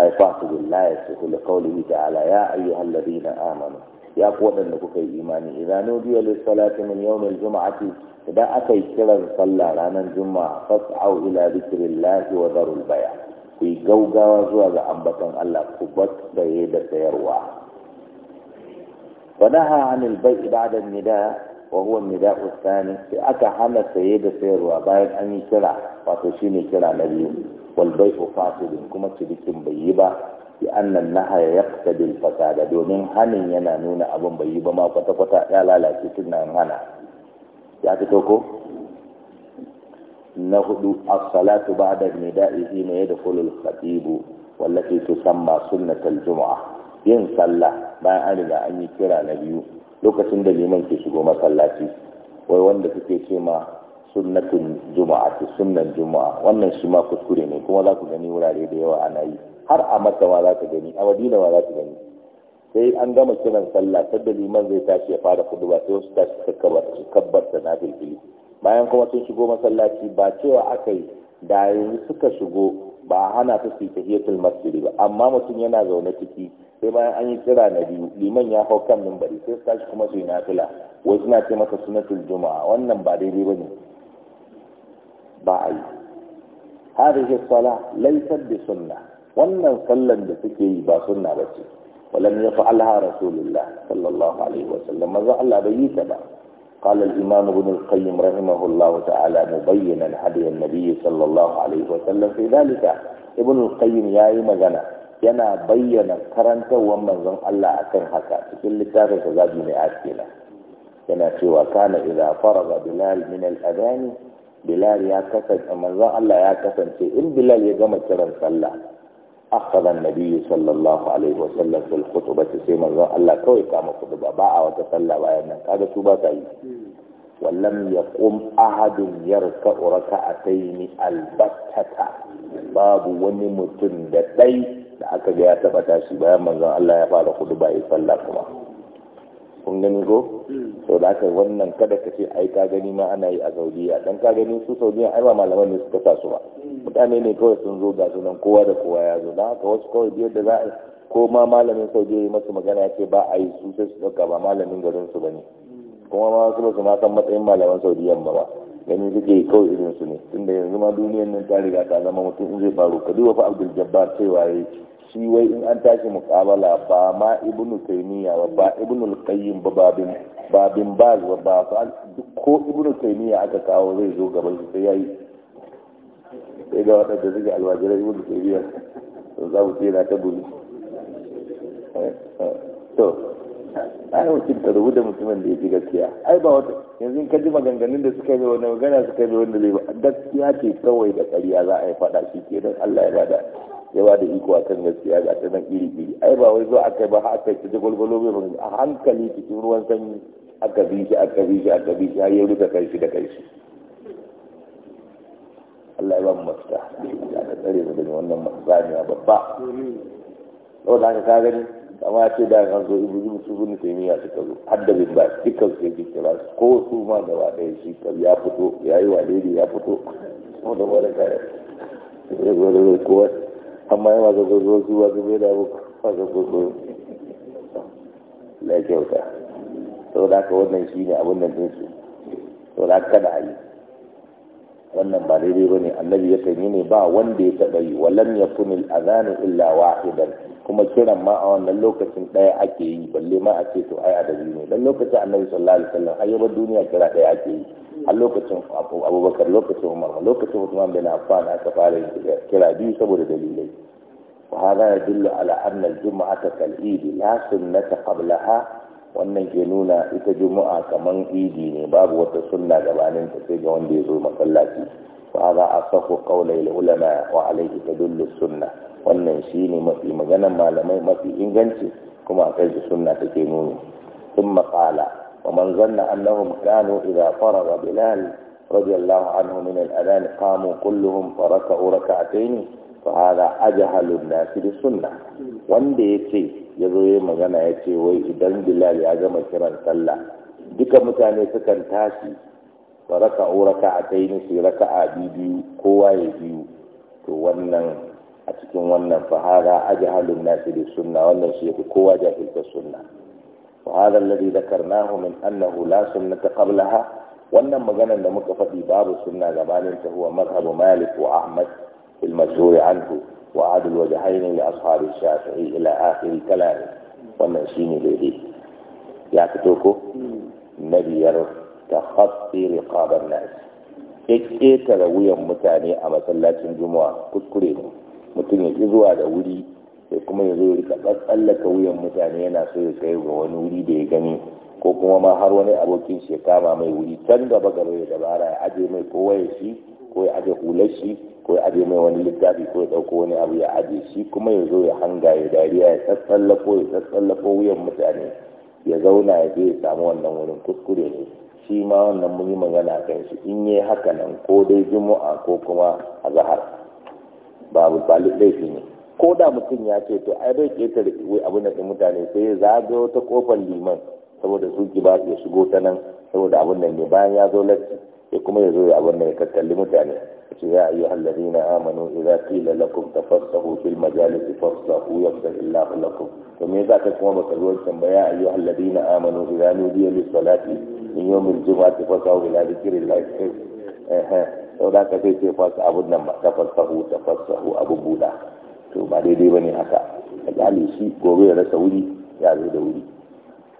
أي فاسد لا يصح لقوله تعالى يا أيها الذين آمنوا يا قوة أنك إيماني إذا نودي للصلاة من يوم الجمعة إذا أتي كلا صلى رانا الجمعة فاسعوا إلى ذكر الله وذروا البيع في جوجا وزوى أنبة الله كبت بيد سيروى ونهى عن البيع بعد النداء wa huwa nida'u tsani sai aka hana saye da sayarwa bayan an yi kira wato shine kira na biyu wal bai'u kuma cinikin bai yi ba bi annan nahaya yaqtadi al fasada domin hanin yana nuna abin bai yi ba ma kwata kwata ya lalace tunan hana ya fito ko na hudu as-salatu ba'da nida'i hina yadkhulu al-khatibu wallati tusamma sunnatal jumu'ah yin sallah bayan an riga an yi kira na biyu lokacin da liman ke shigo masallaci wai wanda suke ce ma sunnatun juma'a ce sunnan juma'a wannan shi ma kuskure ne kuma za ku gani wurare da yawa ana yi har a maka ma za ka gani a madina ma za ka gani sai an gama kiran sallah ta da liman zai tashi ya fara kudu ba sai wasu tashi su kabbarta na filfili bayan kuma sun shigo masallaci ba cewa aka yi da yanzu suka shigo ba hana su su tahiyatul masjid ba amma mutum yana zaune ciki sai bayan an yi kira na biyu liman ya hau kan mimbari sai su tashi kuma su yi nafila wai suna ce masa sunatul juma'a wannan ba daidai ba ne ba a yi hadhihi sala laifar da sunna wannan sallan da suke yi ba sunna ba ce walam ya yaf'alha rasulullah sallallahu alaihi wa sallam maza Allah bai yi ta ba قال الإمام ابن القيم رحمه الله تعالى مبينا هدي النبي صلى الله عليه وسلم في ذلك ابن القيم يا مجنى yana bayyana karantarwar manzon Allah a kan haka cikin littafin sa zabi mai askila yana cewa kana idza faraga bilal min al-adhan bilal ya kasance manzon Allah ya kasance in bilal ya gama kiran sallah akhadha an-nabi sallallahu alaihi wasallam fil khutbati sai manzon Allah kawai kama khutba ba a wata sallah bayan nan kaga su ba sa yi ولم يقم أحد يركع Babu wani mutum da دتين da aka ga ya taba tashi bayan manzon Allah ya fara kudu ba ya salla kuma kun gani ko to da aka wannan kada ka ce ai ka gani ma ana yi a Saudiya dan ka gani su Saudiya ai ba malaman ne suka sa su ba mutane ne kawai sun zo ga sunan kowa da kowa ya zo da haka wasu kawai biyar da za a ko ma malamin Saudiya ya masu magana ya ce ba a yi su sai su dauka ba malamin garin su bane kuma ma wasu ba su ma san matsayin malaman Saudiyan ba ba ganin suke kawai irin su ne tunda yanzu ma duniyar nan ta riga ta zama mutum in zai faru ka duba fa abdul jabbar cewa waye shi wai in an tashi muƙabala ba ma ibnu taymiya ba ba ibnu qayyim ba babin babin baz ba ba ko ibnu taymiya aka kawo zai zo gaban su sai yayi sai ga wadanda suke almajirai ibnu taymiya to za mu ce na ta buli eh, eh. to ai mutum ta rubu da mutumin da ya ji gaskiya ai ba wata yanzu ka ji maganganun da suka yi wani magana suka yi wanda zai ba gaskiya ce kawai da ƙarya za a yi faɗa shi ke nan Allah ya bada ya bada iko a kan gaskiya ga ta nan iri iri ai ba wai zo aka yi ba har aka ci gwalgwalo bai ba a hankali cikin ruwan sanyi aka bi shi aka bi shi aka bi shi har ya rufe shi da shi. Allah ya ba mu mafita ya tsare mu daga wannan matsaniya babba. Saboda haka ka gani kama ce da an zo ibu su bin taimiyya suka zo har da bin ba dukkan su yake kira su ko su ma gaba ɗaya shi ya fito ya yi wa daidai ya fito ko da wani kare ya zo da kowa amma yana ga zo su ba su bai da abu ba su ko so la kyauta saboda ka wannan shi ne abin nan ɗinsu to da ka da yi wannan ba daidai ba ne annabi yakan yi ne ba wanda ya taɓa yi walam yakunil azanu illa wahidan kuma kiran ma a wannan lokacin ɗaya ake yi balle ma a ce to ai adadi ne dan lokacin annabi sallallahu alaihi wasallam ai duniya kira ɗaya ake yi a lokacin abubakar lokacin umar lokacin usman bin affan aka fara yin kira biyu saboda dalilai wa hada yadullu ala anna al-jum'ata kal eid la sunnata qablaha wannan ke nuna ita juma'a kaman idi ne babu wata sunna gabanin ta sai ga wanda ya zo masallaci wa hada asahu qawla al-ulama wa alayhi tadullu sunnah wannan shi ne mafi maganan malamai mafi inganci kuma a kai sunna take nuni sun maƙala wa man zanna annahum kanu idza faraga bilal radiyallahu anhu min al-adhan qamu kulluhum uraka rak'atayn fa hada ajhalu an-nas bi sunnah wanda yace yazo yayi magana ya ce wai idan bilal ya gama kiran sallah duka mutane sukan tashi faraka'u rak'atayn su raka'a biyu kowa ya biyu to wannan a cikin wannan fahara ajhalun nasi bi sunna wannan shi yake kowa jahilta sunna wa hadha alladhi dhakarnahu min annahu la sunnata qablaha wannan maganar da muka fadi babu sunna gabanin ta huwa mazhabu malik wa ahmad fil mashhur anhu wa adul wajhain li ashab shafi'i ila akhir kalam wannan shi ne dai ya fito ko nabi ya ta khatti riqaban nas yake tarawiyan mutane a masallacin juma'a kuskure ne mutum ya ƙi zuwa da wuri sai kuma ya zo ya rika tsallaka wuyan mutane yana so ya kai ga wani wuri da ya gani ko kuma ma har wani abokin shi ya kama mai wuri can gaba gaba ya dabara ya aje mai ko waya shi ko ya aje hular shi ko ya aje mai wani littafi ko ya ɗauko wani abu ya aje shi kuma ya zo ya hanga ya dariya ya tsallako ya tsallako wuyan mutane ya zauna ya je ya samu wannan wurin kuskure ne shi ma wannan mun yi magana kan shi in yi haka nan ko dai juma'a ko kuma azahar babu balu laifi ne ko da mutum ya ce to ai bai ketare abin da mutane sai ya zagayo ta kofar liman saboda su ba ya shigo ta nan saboda abin nan ne bayan ya zo ya kuma ya zo ya abin nan ya kakkalli mutane ce ya ayu amanu idza qila lakum tafassahu fil majalis fafsahu yafsah illahu lakum to me yasa kai kuma baka zo tambaya ayu allazina amanu idza nudiya lis salati min yawmil jumu'ati fafsahu ila dhikrillah eh eh sau da ka zai ce fasa abun nan ba ta fasahu ta fasahu abu buɗa to ba daidai ba ne haka a kyale shi gobe ya rasa wuri ya zai da wuri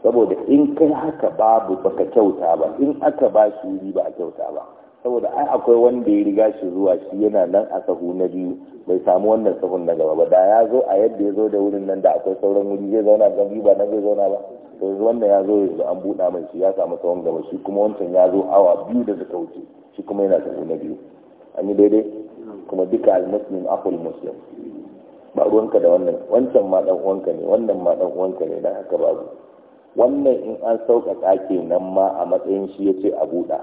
saboda in kai haka babu baka kyauta ba in aka ba shi wuri ba a kyauta ba saboda ai akwai wanda ya riga shi zuwa shi yana nan a sahu na biyu bai samu wannan sahun na gaba ba da ya zo a yadda ya zo da wurin nan da akwai sauran wuri zai zauna kan biyu ba nan zai zauna ba to wannan ya zo yanzu an buɗa mai shi ya samu tsawon gaba shi kuma wancan ya zo awa biyu da suka wuce shi kuma yana tsawo na biyu an yi daidai kuma duka al-muslim akul muslim ba ruwanka da wannan wancan ma dan uwanka ne wannan ma dan uwanka ne dan haka babu wannan in an sauƙaƙa kenan ma a matsayin shi ya ce a buɗa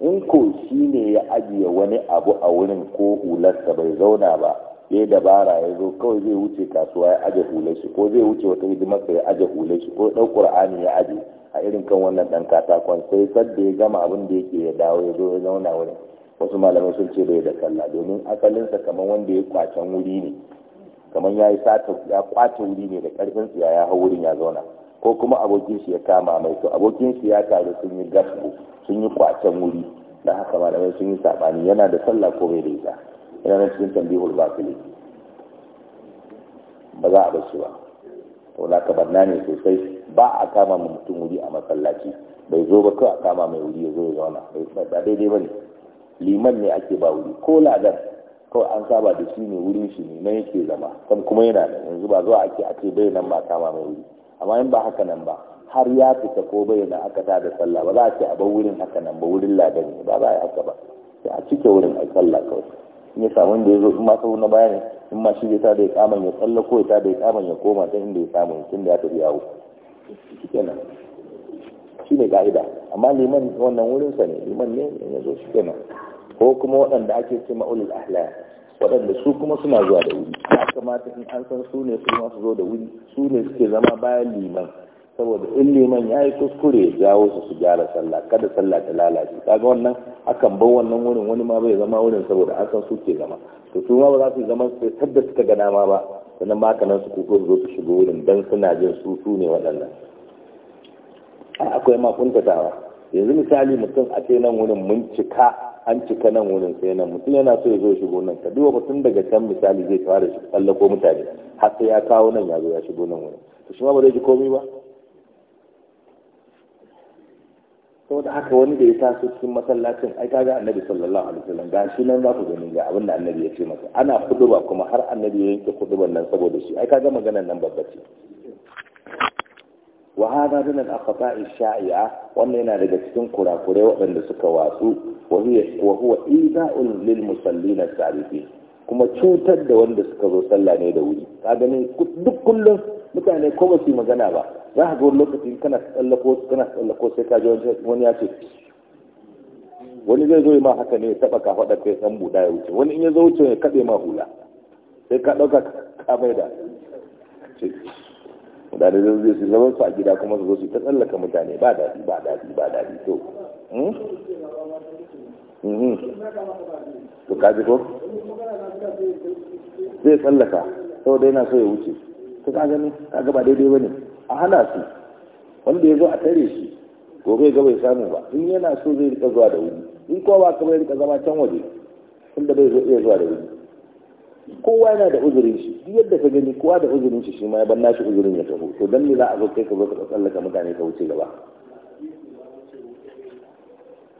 in ko shi ne ya ajiye wani abu a wurin ko hularsa bai zauna ba ya dabara ya zo kawai zai wuce kasuwa ya aje hular shi ko zai wuce wata hidimar ya aje hular shi ko ɗau qur'ani ya aje a irin kan wannan ɗan katakon sai sadda ya gama abin da yake ya dawo ya zo ya zauna wurin wasu malamai sun ce bai da kalla domin asalinsa kamar wanda ya kwacen wuri ne kamar ya yi sata ya kwace wuri ne da karfin tsiya ya hau wurin ya zauna ko kuma abokin shi ya kama mai to abokin shi ya taru sun yi gasbo sun yi kwacen wuri da haka malamai sun yi sabani yana da sallah ko bai da ita yana cikin tambihul batili ba za a bar shi ba to na barna ne sosai ba a kama mu mutum wuri a masallaci bai zo ba kawai a kama mai wuri ya zo ya zauna ba daidai ba ne liman ne ake ba wuri ko ladan kawai an saba da shi ne wurin shi ne nan yake zama kan kuma yana nan yanzu ba zuwa ake a ce bai nan ba kama mai wuri amma in ba haka nan ba har ya fita ko bai nan aka ta da sallah ba za a ce a bar wurin haka nan ba wurin ladan ne ba za a yi haka ba sai a cike wurin a sallah kawai ya samu inda ya zo in ma sahu na baya ne in ma shi zai ta da ya kaman ya ko ya ta da ya kaman ya koma ta inda ya samu tun da ya tafi yawo shi kenan shi ne ka'ida amma liman wannan wurinsa ne liman ne ya zo shi kenan ko kuma waɗanda ake ce ma'ulul ahla waɗanda su kuma suna zuwa da wuri ya kamata in an san su ne su ma su zo da wuri su ne suke zama bayan liman saboda in liman ya yi kuskure ya jawo su gyara sallah kada sallah ta lalace kaga wannan akan bar wannan wurin wani ma bai zama wurin saboda an san su ke zama to su ma ba za su zama su da suka ga dama ba sannan ma nan su kuka su zo su shigo wurin dan suna jin su su ne waɗannan akwai ma kuntatawa yanzu misali mutum a ce nan wurin mun cika an cika nan wurin sai nan mutum yana so ya zo shigo nan ka duba mutum daga can misali zai fara shi tsallako mutane har sai ya kawo nan ya zo ya shigo nan wurin to shi ma ba zai ji komai ba saboda haka wani da ya taso cikin masallacin ai kaga annabi sallallahu alaihi wasallam ga shi nan za ku gani ga abin da annabi ya ce masa ana kuduba kuma har annabi ya yanke kuduban nan saboda shi ai kaga maganar nan babba ce wa hada min al aqta'i shai'a wannan yana daga cikin kurakurai waɗanda suka watsu wa huwa ida'un lil musallina sarifin kuma cutar da wanda suka zo sallah ne da wuri ka gani duk kullum mutane ko ba magana ba za ka ga wani kana tsallako kana tsallako sai ka ji wani ya ce wani zai zo ma haka ne taba ka faɗa kai san buɗa ya wuce wani in ya zo wuce ya kaɗe ma hula sai ka ɗauka ka mai da da da zai su zaman su a gida kuma su zo su ta tsallaka mutane ba daɗi ba daɗi ba daɗi to hmm? Mhm. to kaji ko zai tsallaka saboda yana so ya wuce to ka gani ka gaba daidai bane a hana su wanda ya zo a tare shi gobe ga bai samu ba in yana so zai rika zuwa da wuri in kowa ba kamar rika zama can waje inda bai zo iya zuwa da wuri kowa yana da uzurin shi duk yadda ka gani kowa da uzurin shi shi ma ya ban nashi uzurin ya taho to dan me za a zo kai ka zo ka tsallaka mutane ka wuce gaba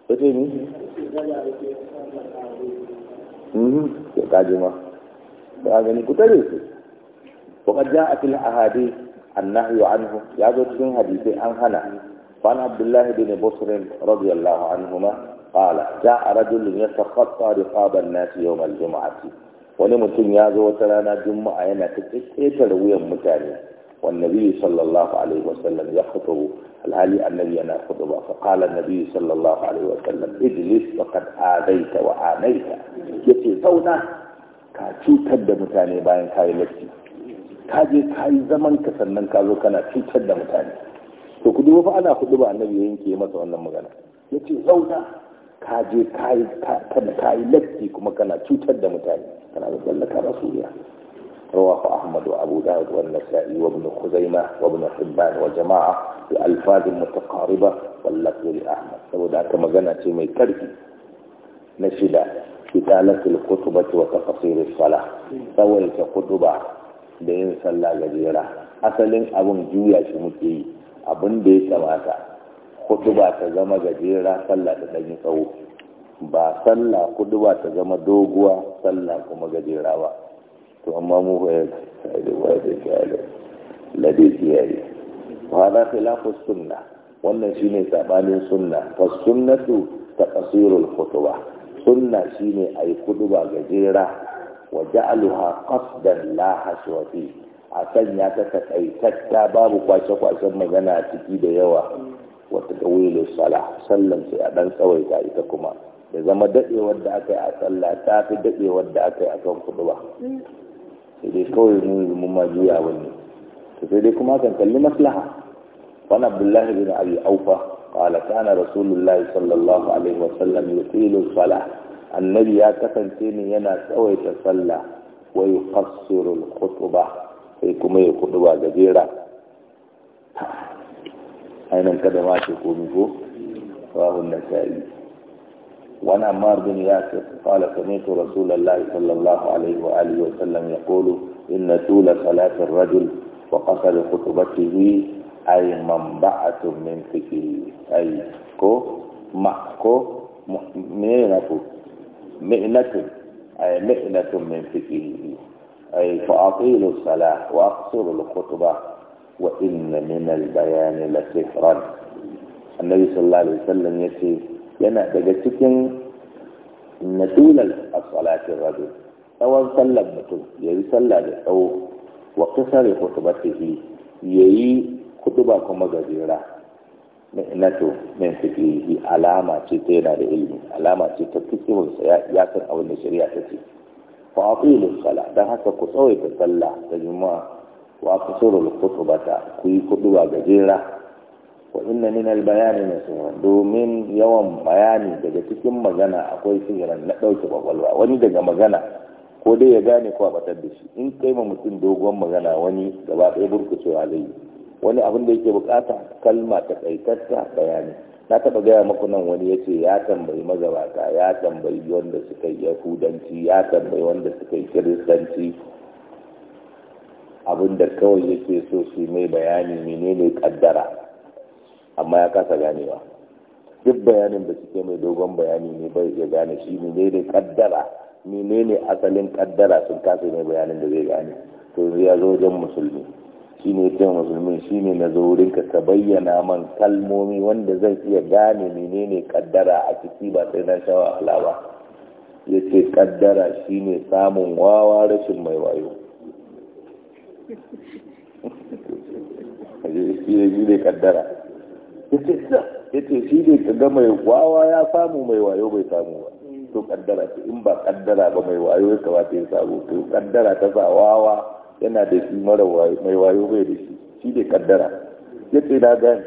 Bete mi? Mm-hmm. Ke kaji ma. a gani ku tare su. Ko ka ja akil ahadi annahu anhu ya zo cikin hadisi an hana. fana abdullahi Fa an Abdullah bin Busr radhiyallahu anhuma qala ja'a rajul yatakhatta riqaban nas yawm al-jum'ah. Wani mutum ya zo wata rana Juma'a yana ta tsaitsaita wuyan mutane والنبي صلى الله عليه وسلم يخطب الهالي النبي أنا خطبة فقال النبي صلى الله عليه وسلم اجلس وقد آذيت وعانيت يتي زونا كتوتر da mutane bayan kayi latti ka je ka yi zaman ka sannan ka zo kana cutar da mutane to ku duba fa ana kudu ba annabi ya yanke masa wannan magana yace zauna ka je ka yi latti kuma kana cutar da mutane kana da sallaka rasuliya رواه أحمد وأبو داود والنسائي وابن خزيمة وابن حبان وجماعة بألفاظ متقاربة واللفظ لأحمد سودا كما زنت من كرفي نشد كتالة الخطبة وتقصير الصلاة سوية خطبة بين صلى جزيرة أصل أبن جوية شمتي أبن دي سماتا خطبة تزم جزيرة صلى تتجي صوت ba sallah kuduba ta zama doguwa sallah kuma gajerawa to amma mu ba sunna wannan shine sabanin sunna fa sunnatu taqsirul khutbah sunna shine ayi khutba gajera wa ja'aluha qasdan la haswa fi a sanya ta takaitatta babu kwace-kwacen magana a ciki da yawa wata tawilu sala sallan sai a dan tsawaita ita kuma da zama dadewar da aka yi a sallah ta fi dadewar da aka yi a kan kudu sai dai kawai mu mun ma juya wani to sai dai kuma kan kalli maslaha wani abdullahi bin abi aufa qala kana rasulullahi sallallahu alaihi wasallam yutilu sala annabi ya kasance ne yana tsawaita sallah wa yuqassiru al-khutbah sai kuma ya kuduba gajera ainihin kada ma ce komi ko rahun nasa'i وعن عمار بن ياسر قال سمعت رسول الله صلى الله عليه وآله وسلم يقول إن طول صلاة الرجل وقصر خطبته أي منبعة من فكره أي كو محكو مئنة مئنة أي مئنة من فكره أي فأطيل الصلاة وأقصر الخطبة وإن من البيان لسحرا النبي صلى الله عليه وسلم يسير yana daga cikin nadulal a salatin rajul tsawon sallar mutum ya yi sallah da tsawo wa kusare khutbatihi ya yi kutuba kuma gajera to min yi alama ce ta yana da ilimi alama ce ta fiqhunsa ya san abin da shari'a ta ce fa aqilu sala dan haka ku tsawaita sallah da juma'a wa kusurul kutubata ku yi kutuba gajera wa inna min albayani nasuha domin yawan bayani daga cikin magana akwai sihirin na ɗauke kwakwalwa wani daga magana ko dai ya gane ko a batar da shi in kai ma mutum dogon magana wani gaba ɗaya burkucewa zai yi wani abin da yake bukata kalma ta kaitatta bayani na taɓa gaya maku nan wani ya ce ya tambayi magabata ya tambayi wanda suka yi yahudanci ya tambayi wanda suka yi kiristanci abin da kawai yake so su mai bayani menene kaddara amma ya kasa ganewa duk bayanin da suke mai dogon bayani ne bai iya gane shi ne ne kaddara menene asalin kaddara sun kasa mai bayanin da zai gane to ya zo wajen musulmi shi ne ce musulmi shi ne na zo ka ka bayyana man kalmomi wanda zai iya gane menene kaddara a ciki ba sai na shawa ala ba ya ce kaddara shi ne samun wawa rashin mai wayo shi ne kaddara yace da yace shi ne ta ga mai wawa ya samu mai wayo bai samu ba to kaddara ce in ba kaddara ba mai wayo ya kamata ya samu to kaddara ta sa wawa yana da shi mara mai wayo bai da shi shi ne kaddara yace na gani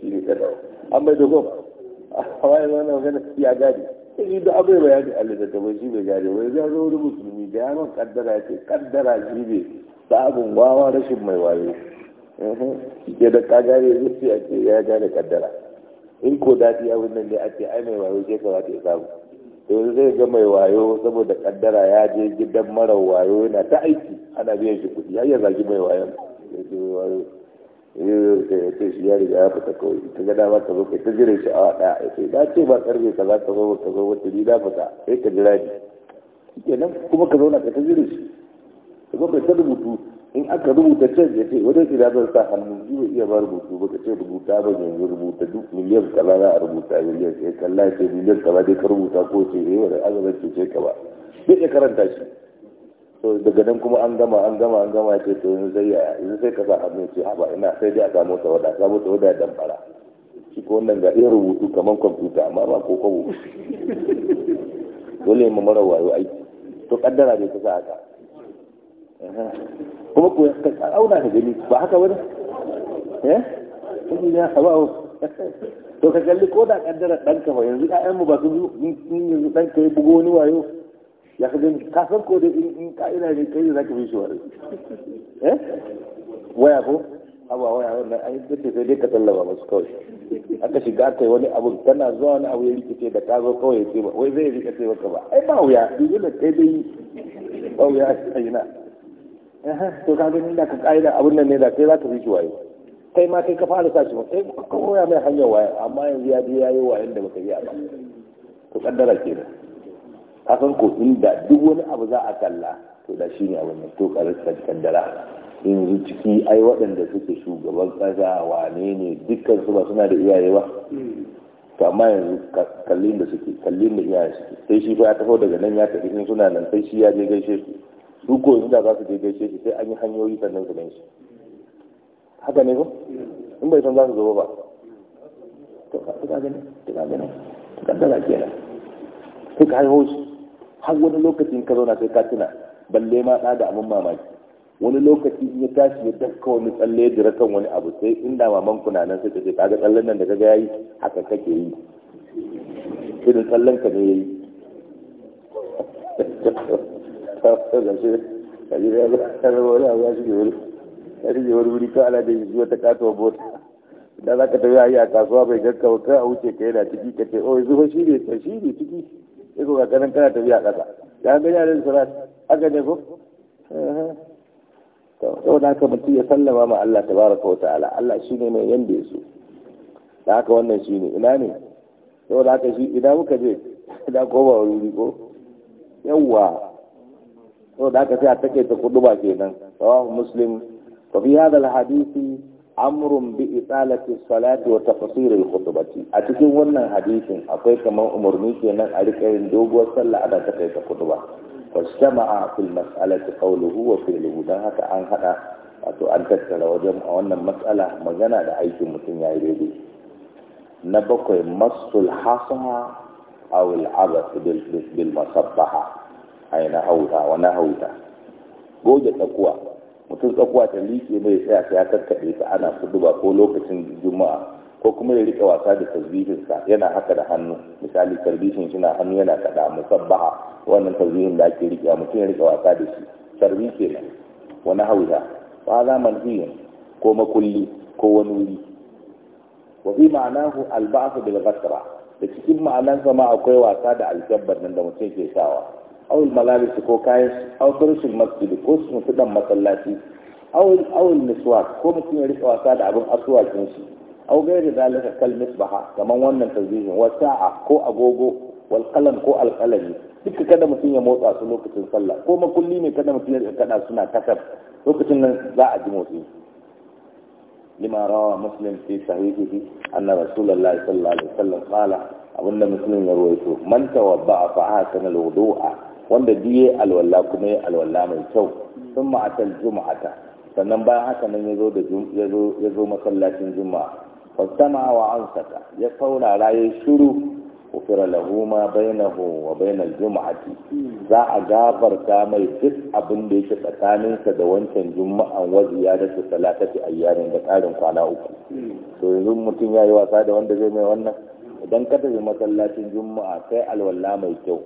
shi ne kaddara an bai dogon a wani wannan magana ya gani sai da abai bayani Allah da gaban shi bai gani wai zan zo musulmi da yaron kaddara ce kaddara shi ne sabon wawa rashin mai wayo ke da kagare zuciya ce ya gane kaddara in ko daɗi abin nan ne ake ce ai mai wayo ke kamata ya samu yanzu zai ga mai wayo saboda kaddara ya je gidan mara wayo yana ta aiki ana biyan shi kuɗi har ya zagi mai wayon ya ce mai wayo ya ce shi ya riga ya fita kawai ta ga dama ka zo kai ta jira shi awa ɗaya ya ce na ce ba karfe ka za ka zo ka zo wata ni na fita sai ka jira ni kenan kuma ka zauna ka ta jira shi ka zo kai ta rubutu in aka rubuta can ya ce wajen ina zan sa hannu shi bai iya ba rubutu ba ka ce rubuta ba ya rubuta duk miliyan kaza za a rubuta miliyan sai kalla ce miliyan kaza dai ka rubuta ko ce ya eh wani azaban ce ka ba zai iya karanta shi to daga nan kuma an gama an gama an gama ya ce to yanzu zai yaya yanzu sai ka sa hannu ce ba ina sai dai a samu wada samu wada ya damfara shi ko wannan ga iya rubutu kamar kwamfuta amma ba ko kwabo dole mu mara wayo aiki to kaddara ne ka sa haka kuma ko ka auna ka gani ba haka wani eh kuma ya hawa to ka galli ko da kaddara danka ba yanzu ƴaƴan mu ba su yanzu dan ka yi bugo wani wayo ya ka gani ka san ko da in in ka ina ne kai za ka bi shi wani eh waya ko abu a waya wannan ai dace sai dai ka tallaba musu kawai aka shiga kai wani abu kana zuwa wani abu ya rikice da ka zo kawai ya ce ba wai zai rika ce maka ba ai ba wuya dole kai dai ba wuya a cikin to ka gani da ka ƙa'ida abin nan ne da kai za ka fi waye kai ma kai ka fara sa shi ba kai ka koya mai hanyar waye amma yanzu ya biya yi wayan da baka yi ba to kaddara ke da ka san ko inda duk wani abu za a kalla to da shi ne abin nan to kaddara yanzu ciki ai waɗanda suke shugaban ƙasa wane ne dukkan su ba suna da iyaye ba to amma yanzu kallin da suke kallin da iyaye suke sai shi fa ya taho daga nan ya tafi in suna nan sai shi ya je gaishe su su ko inda za su je gaishe shi sai an yi hanyoyi sannan su ganshi haka ne ko in bai san za su zo ba to ka tuka gani tuka gani tuka dala kenan sai ka haihu shi har wani lokaci in ka zo na sai ka tuna balle ma ɗa da abin mamaki wani lokaci in ya tashi ya dakka wani tsalle ya jira kan wani abu sai inda maman kuna nan sai ta ce kaga tsallen nan da kaga yayi haka kake yi irin tsallen ka ne yayi rike wani wuri ka ala da yanzu wata katuwa bota da za ka tafi a yi a kasuwa bai ganka ba ka wuce ka yana ciki ka ce o oh, yanzu fa shi ne fa shi ne ciki sai ko kakanin kana tafi a ƙasa ya ga yaran salat haka ne ko to da haka mutum ya sallama ma Allah tabaraka wa ta'ala Allah ne mai yanda ya da haka wannan shine ina ne to da haka shi idan muka je da ko ba wuri ko yawwa to da aka sai a take ta kudu ba kenan sawahu muslim wa fi hadha alhadisi amrun bi isalati salati wa tafsir alkhutbati a cikin wannan hadisin akwai kamar umarni kenan a rika yin doguwar sallah ana take ta kudu ba fashtama'a fil mas'alati qawluhu wa fi'luhu dan haka an hada wato an tattara wajen a wannan matsala magana da aikin mutum yayi daidai na bakwai masul hasaha aw al bil masabbaha ai na haurawa na hauta goge tsakuwa mutum tsakuwa ta liƙe mai sai a ya karkaɗe ta ana kuduba ko lokacin juma'a ko kuma ya riƙe wasa da tasbihinsa yana haka da hannu misali tasbihin shi na hannu yana kaɗa musabbaha wannan tasbihin da ake riƙe mutum ya riƙe wasa da shi tarbi kenan wani hauta ba za manhiyin ko makulli ko wani wuri wa fi ma'anahu alba'su bil ghasra da cikin ma'anansa ma akwai wasa da aljabbar nan da mutum ke sawa awul malabis ko kayan aw tursul masjid ko su mutu dan masallaci awul awul ko mutum ya rika wasa da abin aswakin shi aw gairi zalika kal misbaha kaman wannan tazihin wa sa'a ko agogo wal qalam ko al qalami duka kada mutum ya motsa su lokacin sallah ko makulli ne kada mutum ya kada suna kasar lokacin nan za a ji motsi lima rawa muslim fi sahihihi anna rasulullahi sallallahu alaihi wasallam qala abinda muslim ya rawaito man tawabba'a fa ahsana al-wudu'a wanda duk alwala kuma ya alwala mai kyau sun ma'atar juma'ata sannan bayan haka nan ya zo masallacin juma'a fasama wa an saka ya saurara ya shiru kufira lahu ma bainahu wa bainal juma'ati za a gafarta mai duk abin da yake tsakaninsa da wancan juma'an wa a salatati ayyamin da karin kwana uku to yanzu mutum yayi wasa da wanda zai mai wannan idan ka tafi masallacin juma'a sai alwala mai kyau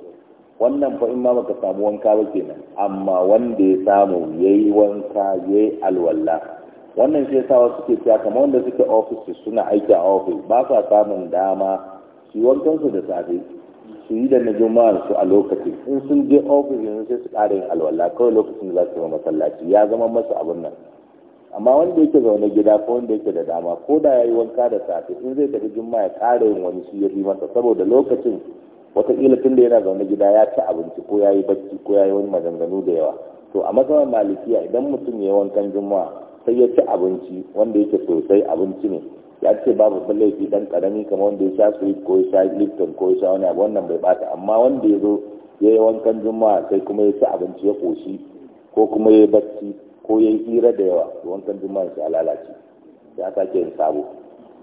wannan fa in ma baka samu wanka ba kenan amma wanda ya samu yayi wanka yayi alwala wannan shi yasa wasu ke cewa kamar wanda suke office suna aiki a office ba sa samun dama su yi wankan su da safe su yi da na su a lokaci in sun je office yanzu sai su ƙara yin alwala kawai lokacin da za su yi masallaci ya zama masa abin nan amma wanda yake zaune gida ko wanda yake da dama ko da ya yi wanka da safe in zai tafi juma'a ya ƙara yin wani shi ya yi masa saboda lokacin wataƙila tun da yana zaune gida ya ci abinci ko ya yi bacci ko ya yi wani maganganu da yawa to a matsayin malikiya idan mutum ya yi wankan juma'a sai ya ci abinci wanda yake sosai abinci ne ya ce babu sun laifi dan karami kamar wanda ya sha sweet ko ya sha lipton ko ya sha wani abu wannan bai bata amma wanda ya zo ya yi wankan juma'a sai kuma ya ci abinci ya ƙoshi ko kuma ya yi bacci ko ya yi hira da yawa to wankan juma'a ya a lalace ya sake yin sabo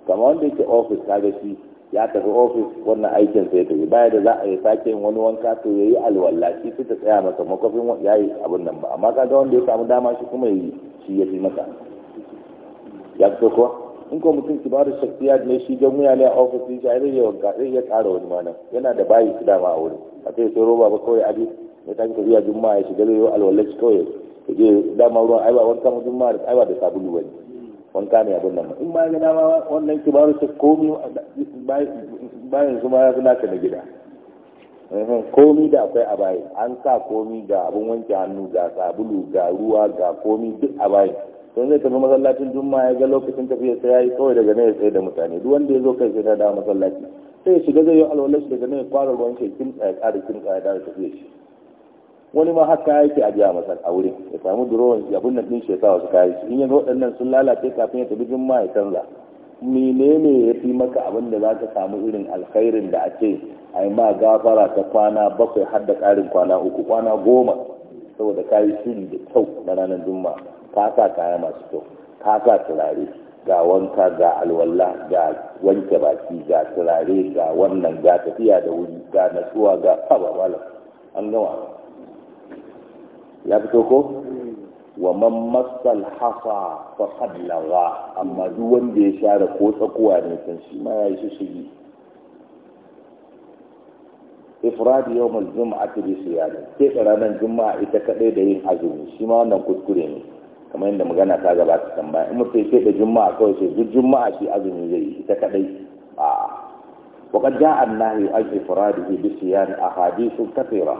kamar wanda yake ofis kaga shi ya tafi ofis wannan aikin sai tafi baya da za a yi sake wani wanka to yayi alwala shi su ta tsaya masa makofin ya yi abin nan ba amma kaga wanda ya samu dama shi kuma yi shi ya fi masa ya fito kuwa in ko mutum kibarin shaktiya ne shi don ne a ofis shi zai yi wanka zai iya ƙara wani mana yana da bayi su dama a wurin a sai sai roba ba kawai abi juma'a ya shiga zai yi alwala shi kawai ya je wanka ne abin nan in ma gina ma wannan kibaru ta komi bayan su ma ya zuna ka na gida komi da akwai a bayan an sa komi ga abin wanke hannu ga sabulu ga ruwa ga komi duk a bayan don zai tafi masallacin juma ya ga lokacin tafiya sai ya yi kawai daga nan ya sai da mutane duk wanda ya zo kai sai ta dawo masallaci sai ya shiga zai yi alwalar daga nan ya kwara ruwan shi kin tsaya ƙara kin tsaya da tafiya shi wani ma haka yake ajiya masar a wurin ya samu durowar ya bunna din shi wasu kayan shi in yanzu waɗannan sun lalace kafin ya tafi jin ma ya canza menene ya fi maka abin da za ka samu irin alkhairin da a ce yi ma gafara ta kwana bakwai har da ƙarin kwana uku kwana goma saboda ka yi shiri da kyau na ranar juma ka sa kaya masu kyau ka sa turare ga wanka ga alwala ga wanke baki ga turare ga wannan ga tafiya da wuri ga natsuwa ga kaba malam an gama ya fito ko wa man masal hafa fa qadlawa amma duk wanda ya share ko tsakuwa ne kan shi ma yayi shi shi ifrad yawm al-jum'ah bi siyam sai karanan juma'a ita kadai da yin azumi shi ma wannan kuskure ne kamar yadda magana ta gabata kan in mutum sai da juma'a kawai sai duk juma'a shi azumi zai yi ita kadai a وقد جاء النهي عن bi بصيام أحاديث كثيرة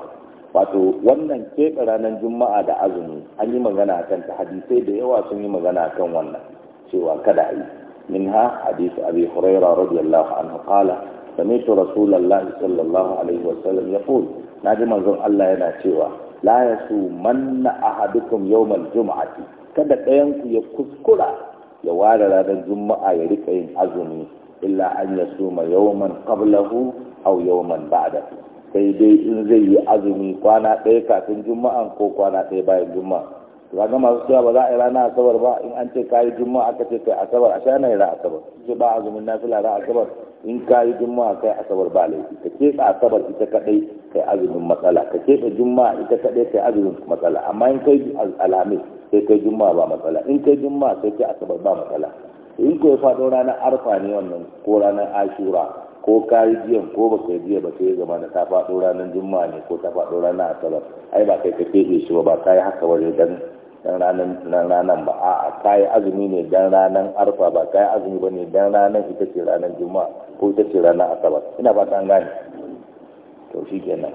wato wannan keɓe ranar juma'a da azumi an yi magana a kanta hadisai da yawa sun yi magana kan wannan cewa kada a yi min ha hadisu abi huraira radiyallahu anhu qala sami'tu rasulullahi sallallahu alaihi naji manzon Allah yana cewa la yasumanna ahadukum yawmal jum'ati kada ɗayan ku ya kuskura ya ware ranar juma'a ya rika yin azumi illa an yasuma yawman qablahu aw yawman ba'dahu sai dai in zai yi azumi kwana ɗaya kafin juma'an ko kwana ɗaya bayan juma'a to kaga masu cewa ba za a yi ranar asabar ba in an ce kayi juma'a aka ce kai asabar a sha na yi ra asabar ce ba azumin nafila ra asabar in kayi juma'a kai asabar ba laifi ka keɓe asabar ita kaɗai kai azumin matsala ka keɓe juma'a ita kaɗai kai azumin matsala amma in kai alhamis sai kai juma'a ba matsala in kai juma'a sai kai asabar ba matsala in ko ya faɗo ranar arfa ne wannan ko ranar ashura ko ka yi jiyan ko ba ka yi ba sai zama da ta faɗo ranar juma'a ne ko ta faɗo ranar asabar ai ba kai ka keɓe shi ba ba ka yi haka waje dan dan ranan ba a'a ka yi azumi ne dan ranar arfa ba ka yi azumi ba ne dan ranar ita ce ranar juma'a ko ita ce ranar asabar ina ba an gane to shi kenan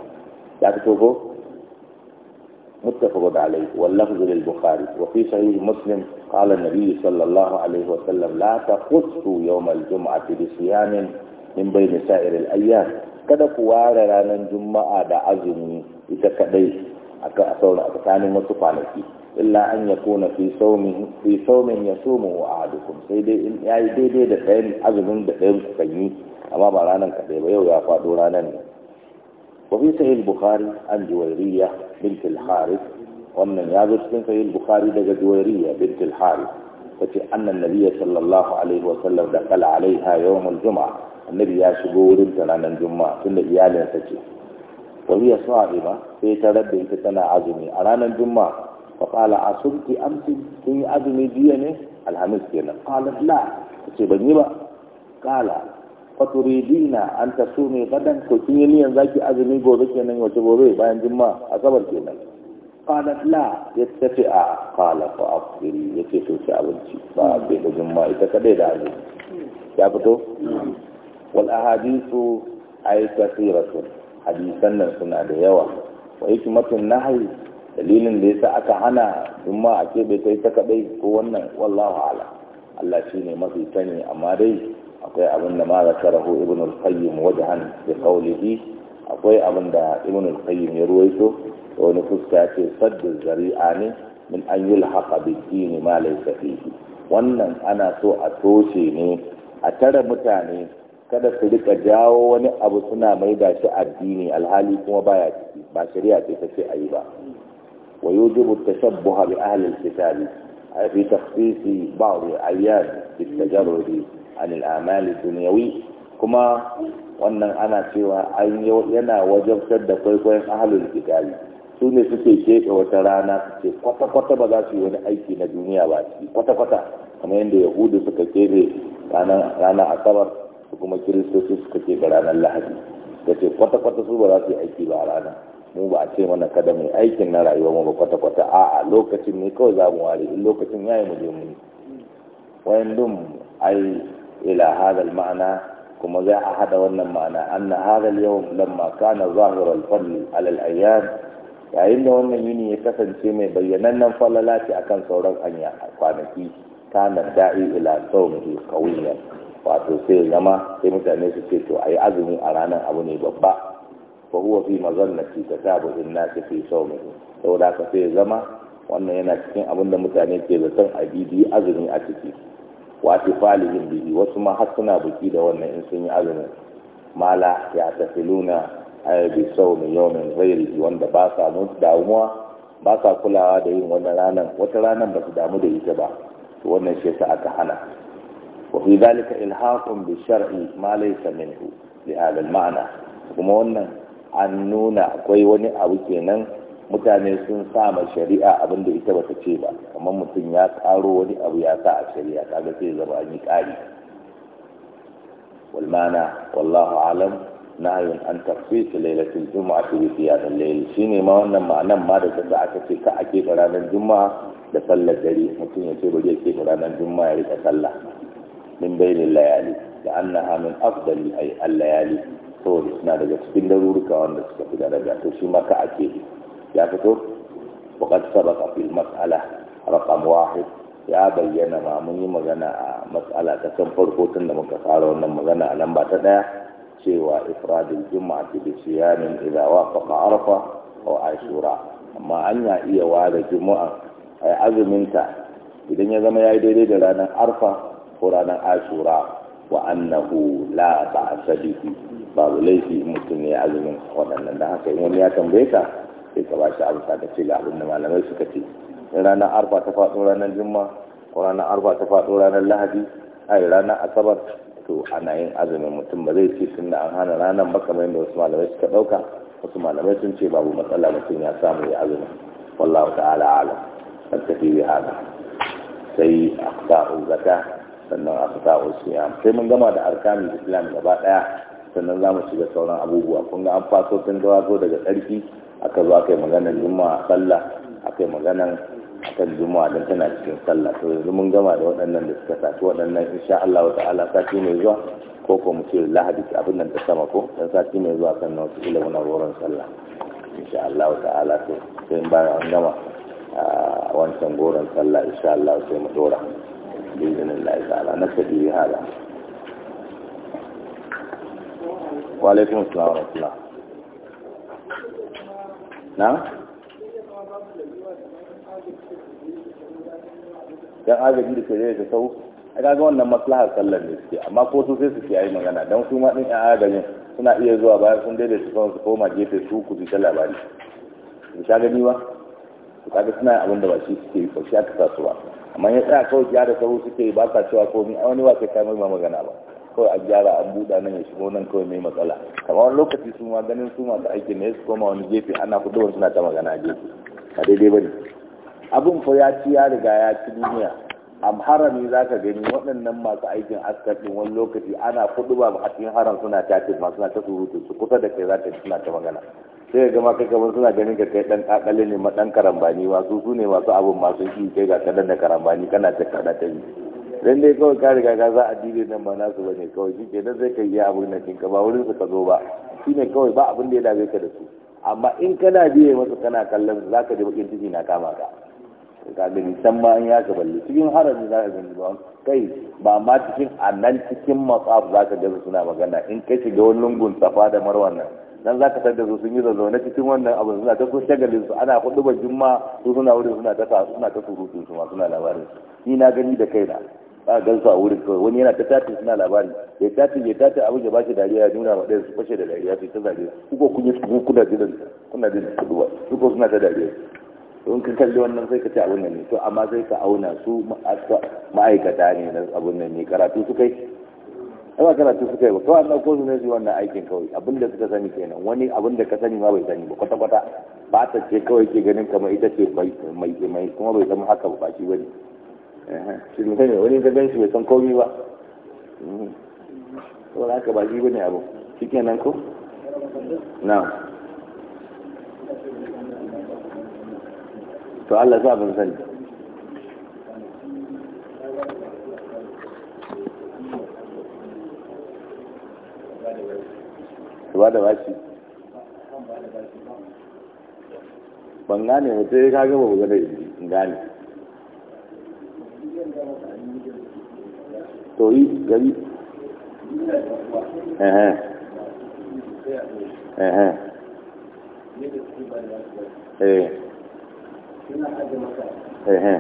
ya fito ko متفق عليه واللفظ للبخاري وفي صحيح مسلم قال النبي صلى الله عليه وسلم لا تخصوا يوم الجمعة بصيام min bai da sa'iril ayyam kada ku ware ranar juma'a da azumi ita kadai a sauran a tsakanin wasu kwanaki illa an ya kona fi saumin ya somu a hadukun sai dai in ya yi daidai da ɗayan azumin da ɗayan ku kan yi amma ba ranar kaɗai ba yau ya faɗo ranar ne wa fi sahih bukhari an juwairiya bint al-harith wannan ya zo cikin sahih bukhari daga juwairiya bint al-harith tace annan nabiyya sallallahu alaihi wa sallam da kala alaiha yawm al-jum'a annabi ya shigo wurin ta ranar juma'a tunda sa ce wani ya sa'ima sai ta rabbe ita tana azumi a ranar juma'a fa kala asumti amsi kin azumi biya ne alhamis kenan kala la ce ban yi ba kala fa turidina an ta sumi gadan ko kin yi niyan zaki azumi gobe kenan wace gobe bayan juma'a asabar kenan to لا abinci ba فأفضل da juma'a ita kaɗai da azumi ya fito wal a ay kathiratun hadisan nan suna da yawa wa na nahyi dalilin da sa aka hana duk ma a keɓe kai ta kaɗai ko wannan wallahu ala Allah shi ne mafi sani amma dai akwai abin da ma zakarahu ibn al-qayyim wajhan bi qawlihi akwai abin da ibn al-qayyim ya ruwaito da wani fuska ce saddu zari'a ne min an yulhaqa bi dini ma laysa fihi wannan ana so a toshe ne a tare mutane kada su rika jawo wani abu suna mai da shi addini alhali kuma baya ciki ba shari'a ce ta ce a yi ba wa yujibu tashabbuha bi ahli al-kitabi fi takhsisi ba'd al-ayyad bi tajarrudi an al-a'mal dunyawi kuma wannan ana cewa an yana wajabtar da kwaikwayon ahlul kitabi su ne suke keɓe wata rana su ce kwata-kwata ba za su yi wani aiki na duniya ba su kwata-kwata kamar yadda yahudu suka keɓe ranar asabar kuma kiristoci suka ce ga ranar lahadi dace ce kwata-kwata su ba za su yi aiki ba a rana mu ba a ce mana kada mai aikin na rayuwa mu ba kwata-kwata a'a lokacin ne kawai za mu ware in lokacin ya yi mu je mu yi wayan dum ai ila hadal ma'ana kuma za a hada wannan ma'ana anna hadal yau lamma kana zahir al-fadl ala al-ayyam yayin da wannan yini ya kasance mai bayyanannen falalaci akan sauran anya kwanaki kana da'i ila sawmi qawiyan wato sai zama sai mutane su ce to a yi azumi a ranar abu ne babba ba huwa fi na ta in na ta fi sawmihi saboda haka sai zama wannan yana cikin abin da mutane ke zaton a bibi azumi a ciki wato falihin bibi wasu ma har suna buki da wannan in sun yi azumi mala ya a yi bi sawmi yawmin ghairihi wanda ba sa mutu damuwa ba sa kulawa da yin wannan ranar wata ranar ba su damu da ita ba to wannan shi yasa aka hana وفي ذلك إلحاق بالشرع ما ليس منه لهذا المعنى كما أن عنونا كوي وني أوكينا متانيسون سام الشريعة أبن دي إتبا تشيبا وما متنيات أرو وني أوياتا الشريعة هذا في زبان مكالي والمعنى والله أعلم نهي أن تخصيص ليلة الجمعة في قيام الليل شيني ما أن معنى ما دفع كتك أكيد رانا الجمعة da sallar dare mutum ya ce ba zai ce ranar juma'a ya rika sallah min bainin layali da annaha min afdali ay al-layali saboda suna daga cikin daruruka wanda suka fi daraja to shi maka ake ya fito وقد سبق في المسألة رقم واحد ya bayyana ma mun yi magana a matsala ta kan farko tun da muka fara wannan magana a lamba ta daya cewa ifradul ta bi siyamin idza wafaqa arfa aw ashura amma an ya iya ware juma'a ay azumin azuminta. idan ya zama yayi daidai da ranar arfa ko ranar ashura wa annahu la ba'sa babu laifi mutum ne azumin waɗannan da haka yi wani ya tambaye ka sai ka ba shi ce ga abin da malamai suka ce in ranar arba ta faɗo ranar jimma, ko ranar arba ta faɗo ranar lahadi ai ranar asabar to ana yin azumin mutum ba zai ce tun da an hana ranar ba kamar yadda wasu malamai suka ɗauka wasu malamai sun ce babu matsala mutum ya samu ya azumin wallahu ta'ala alam tafi bi hada sai aqda'u zakah sannan a fita siyam sai mun gama da arkanin islam gaba daya sannan za mu shiga sauran abubuwa kun ga an faso tun da daga tsarki aka zo aka yi maganar juma'a sallah aka yi maganar kan juma'a don tana cikin sallah to yanzu mun gama da waɗannan da suka sa waɗannan insha Allah wa ta'ala sati mai zuwa ko ko mu ce lahadi abin nan ta sama ko dan sati mai zuwa kan wasu ila wani wurin sallah insha Allah wa ta'ala to sai bayan an gama ah, wancan goron sallah insha Allah sai mu dora بإذن الله تعالى نكتفي بهذا وعليكم السلام ورحمة الله نعم dan agajin da ke da sau a ga wannan maslahar sallar ne suke amma ko su sai su yi magana don su ma ɗin agajin suna iya zuwa bayan sun daidaita sauran su koma gefe su ku ta labari ba sha gani ba su kaga suna abin da ba shi suke yi ba shi aka sa su ba amma ya tsaya kawai gyara sahu suke ba sa cewa komi a wani wasa ta mai magana ba kawai a gyara an buɗa nan ya shigo nan kawai mai matsala kamar wani lokaci su ma ganin su masu aiki ne su koma wani gefe ana kudu suna ta magana a gefe ba daidai ba ne abin fa ya ci ya riga ya ci duniya am harami za ka gani waɗannan masu aikin askar wani lokaci ana kudu ba a cikin haram suna tafi ma suna ta surutu su kusa da kai za ta suna ta magana sai ga kai kamar suna ganin ka kai dan kakale ne ma dan karambani masu su ne masu abun masu yi kai ga kadan da karambani kana ta kada ta yi dan dai kawai ka riga ka za a dibe nan ba nasu bane kawai shi ke nan zai kai ya abun nan kinka ba wurin su ka zo ba shine kawai ba abin da ya dame ka da su amma in kana biye masa kana kallon za ka ji bakin ciki na kama ka ka gani san ma an ya ka balle cikin harami za ka gani ba kai ba ma cikin a nan cikin matsaf za ka ga suna magana in ka shiga wani lungun safa da marwan nan dan zaka tada su sun yi zazzaune cikin wannan abu suna ta so shagalin su ana hudu ba jumma su suna wurin suna ta suna ta surutu su suna labarin ni na gani da kaina a gan su a wurin kawai wani yana ta tati suna labari ya tati ya tati abin ya bashi dariya ya nuna wa ɗaya su fashe da dariya su ta dariya kuko kun yi su kuna jiran kuna jiran su ko suna ta dariya don ka kalli wannan sai ka ce abin nan ne to amma sai ka auna su ma'aikata ne na abin nan ne karatu su kai ba karatu suka yi ba kawai Allah ko su ne su wannan aikin kawai abinda suka sani kenan wani abinda ka sani ma bai sani ba kwata kwata ba ta ce kawai ke ganin kamar ita ce mai mai kuma bai zama haka ba shi bane shi ne wani ka gan shi bai san komai ba saboda haka ba shi bane abu shikenan ko na to Allah sa ban sani su ba da bashi ban gane ya kaga ba gane gane to yi gari ehe ehe eh. ehe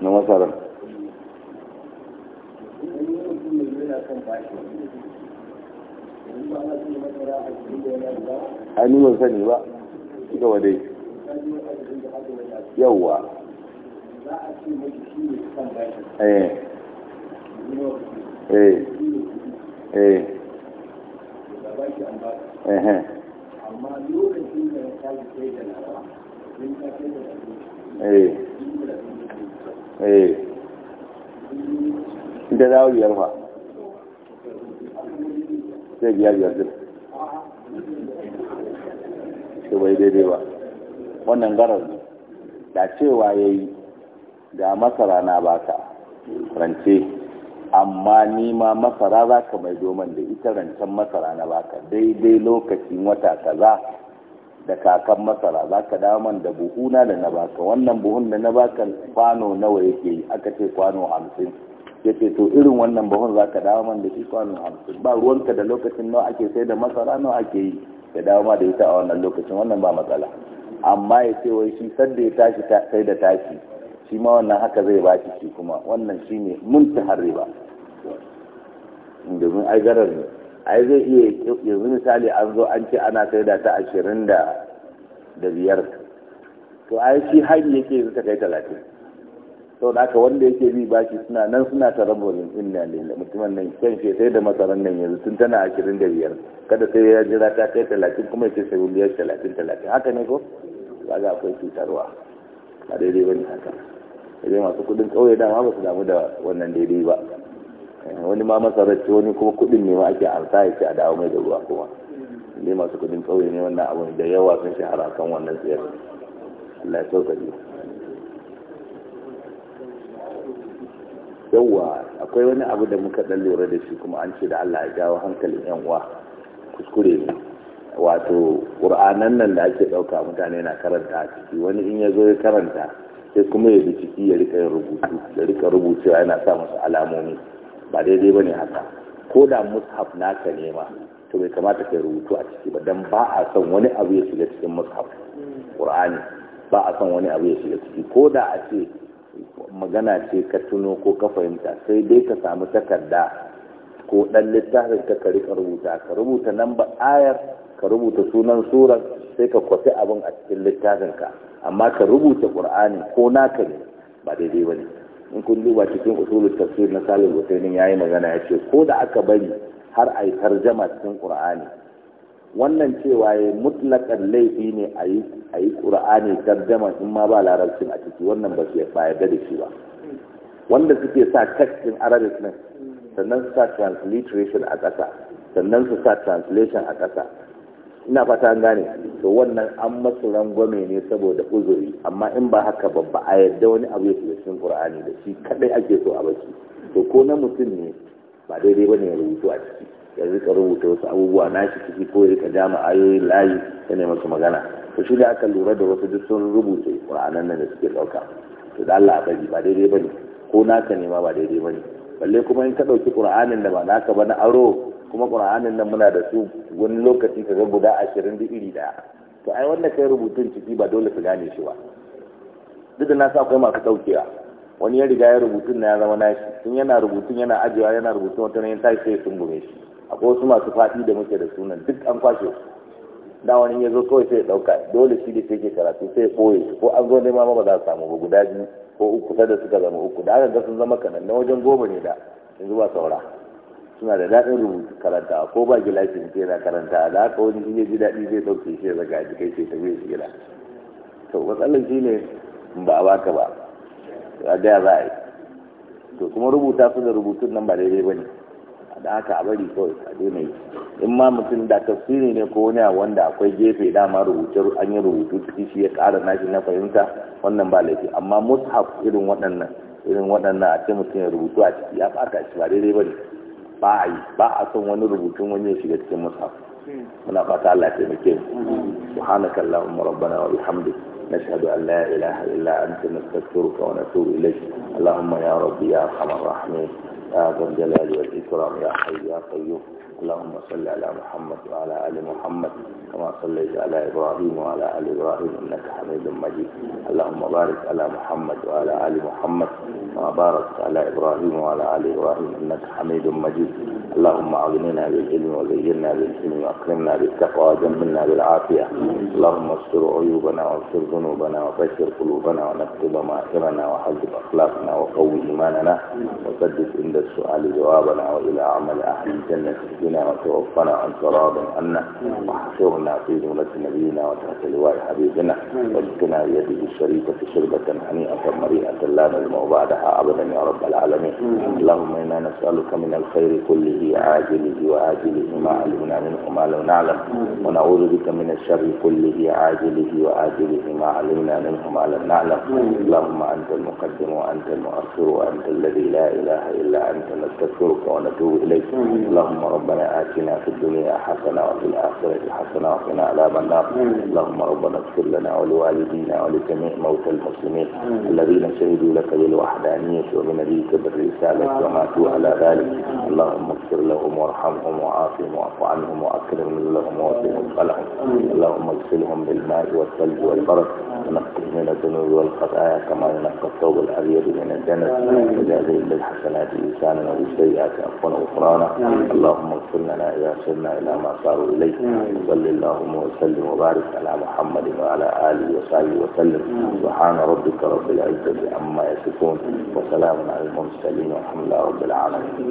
na masarar a ni sani ba ga wadai yawwa eh eh eh eh amma lokacin da eh eh sai biya biyar din shi bai daidai ba wannan garar ne da cewa ya yi ga masara na baka rance amma nima ma masara za ka mai domin da ita rancen masara na baka daidai lokacin wata kaza da kakan masara za ka daman da buhuna da na baka wannan buhun da na baka kwano nawa yake yi aka ce kwano hamsin ya ce to irin wannan bahon za ka dawo man da shi kwanon hamsin ba ruwanka da lokacin nawa ake sai da masara nawa ake yi ya dawo ma da ita a wannan lokacin wannan ba matsala amma ya ce wai shi sadda ya tashi sai da tashi shi ma wannan haka zai ba shi shi kuma wannan shi ne mun ta ba. domin ai garar ne ai zai iya yanzu misali an zo an ce ana sai da ta ashirin da biyar to ai shi hari yake yanzu ta kai talatin saboda haka wanda yake bi baki suna nan suna ta rabobin inna lillahi mutumin nan kyan shi sai da masaran nan yanzu tun tana ashirin da biyar kada sai ya jira ta kai talatin kuma ya sai wuliyar talatin talatin haka ne ko ba a akwai cutarwa a daidai ne haka sai masu kudin kauye dama ba su damu da wannan daidai ba eh, wani ma masarar wani kuma kudin ne ma ake arsa ya ce a dawo mai da ruwa kuma dai masu kudin kauye ne wannan abu da yawa sun shahara kan wannan tsayar Allah ya sauka yawwa akwai wani abu da muka dan lura da shi kuma an ce da Allah ya jawo hankalin yan uwa kuskure ne wato qur'anan nan da ake dauka mutane na karanta a ciki wani in ya zo ya karanta sai kuma ya bi ciki ya rika yin rubutu ya rika rubucewa yana sa masa alamomi ba daidai bane haka ko da mushaf naka ne ma to bai kamata kai rubutu a ciki ba dan ba a son wani abu ya shiga cikin mushaf qur'ani ba a son wani abu ya shiga ciki ko da a ce magana ce ka tuno ko ka fahimta sai dai ka samu takarda ko ɗan littafin ka ka rika rubuta ka rubuta nan ba ayar ka rubuta sunan surar sai ka kwafi abin a cikin littafin ka amma ka rubuta qur'ani ko naka ne ba daidai ba ne in kun duba cikin usulul tafsir na salih ya yayi magana ya ce ko da aka bari har ai tarjama cikin qur'ani wannan cewa ya mutlakan laifi ne a yi ƙura'ani tarjama in ma ba larabcin a ciki wannan ba su ba da shi ba wanda suke sa tekstin arabic ne sannan su sa transliteration a ƙasa sannan su sa translation a ƙasa ina fata an gane to wannan an masu rangwame ne saboda uzuri amma in ba haka babba a yarda wani abu ya shiga cikin ƙura'ani da shi kaɗai ake so a baki to ko na mutum ne ba daidai ba ne ya rubutu a ciki ya rika rubuta wasu abubuwa na shi ciki ko ya rika jama ayoyin layi ya ne masu magana to shi da aka lura da wasu duk sun rubuta ƙur'anan nan da suke ɗauka to da Allah ba daidai bane ko naka ne ma ba daidai bane balle kuma in ka ɗauki ƙur'anin da ba naka ba na aro kuma ƙur'anin nan muna da su wani lokaci ka ga guda ashirin da iri ɗaya to ai wanda kai rubutun ciki ba dole su gane shi ba duk da na sa akwai masu ɗaukewa wani ya riga ya rubutun na ya zama nashi tun yana rubutun yana ajiyewa yana rubutun wata ne ya tashi sai sun gume shi akwai wasu masu faɗi da muke da sunan duk an kwashe su da wani ya zo kawai sai ya ɗauka dole shi da sai ke karatu sai ya ɓoye su ko an zo nema ma ba za su samu ba guda biyu ko uku sai da suka zama uku da aka ga sun zama kanan na wajen goma ne da yanzu ba saura suna da daɗin rubutu karanta ko ba gilashi ne yana karanta da haka wani shi ya ji daɗi zai ɗauke shi ya zaga a kai sai ta zai shi gida to matsalar shi ne ba a baka ba a da za a yi to kuma rubuta su da rubutun nan ba daidai ba ne da aka a bari kawai a daina yi in ma mutum da tafsiri ne ko wani wanda akwai gefe dama rubuce an yi rubutu ciki shi ya ƙara nashi na fahimta wannan ba laifi amma mushaf irin waɗannan irin waɗannan a ce mutum ya rubutu a ciki ya fata shi ba daidai ba ne ba a yi ba a son wani rubutun wani ya shiga cikin mushaf muna fata Allah ya taimake mu subhanaka allahumma rabbana wa bihamdika نشهد أن لا إله إلا أنت نستغفرك ونتوب إليك اللهم يا ربي يا أرحم الراحمين يا ذا الجلال والإكرام يا حي يا قيوم اللهم صل على محمد وعلى آل محمد كما صليت على إبراهيم وعلى آل إبراهيم إنك حميد مجيد اللهم بارك على محمد وعلى آل محمد كما باركت على إبراهيم وعلى آل إبراهيم إنك حميد مجيد اللهم أغننا بالعلم وزينا بالحلم وأكرمنا بالتقوى وجملنا بالعافية اللهم استر عيوبنا واغفر ذنوبنا وبشر قلوبنا ونكتب مآخرنا وحذب أخلاقنا وقوي إيماننا وسدد عند السؤال جوابنا وإلى عمل أهل الجنة نفسنا وتوفنا عن تراب عنا وحشرنا في جملة نبينا وتحت لواء حبيبنا واجتنا يده الشريفة شربة هنيئة مريئة لا نجمع بعدها أبدا يا رب العالمين اللهم إنا نسألك من الخير كله عاجله وآجله ما علمنا منه ما لو نعلم ونعوذ بك من الشر كله عاجله وآجله ما علمنا منه ما لم نعلم اللهم أنت المقدم وأنت المؤخر وأنت الذي لا إله إلا أنت نستغفرك ونتوب إليك اللهم ربنا ربنا آتنا في الدنيا حسنة وفي الآخرة حسنة وقنا عذاب النار اللهم ربنا اغفر لنا ولوالدينا ولجميع موتى المسلمين الذين شهدوا لك بالوحدانية وبنبيك بالرسالة وماتوا على ذلك اللهم اغفر لهم وارحمهم وعافهم واعف عنهم وأكرم لهم ووفهم لهم اللهم اغسلهم بالماء والثلج والبرد ونقهم من الذنوب والخطايا كما ينقى الثوب الأبيض من الدنس وجازهم بالحسنات إنسانا وبالسيئات عفوا وغفرانا اللهم وكلنا إذا سرنا إلى ما صاروا إليه صل اللهم وسلم وبارك على محمد وعلى آله وصحبه وسلم سبحان ربك رب العزة عما يصفون وسلام على المرسلين والحمد لله رب العالمين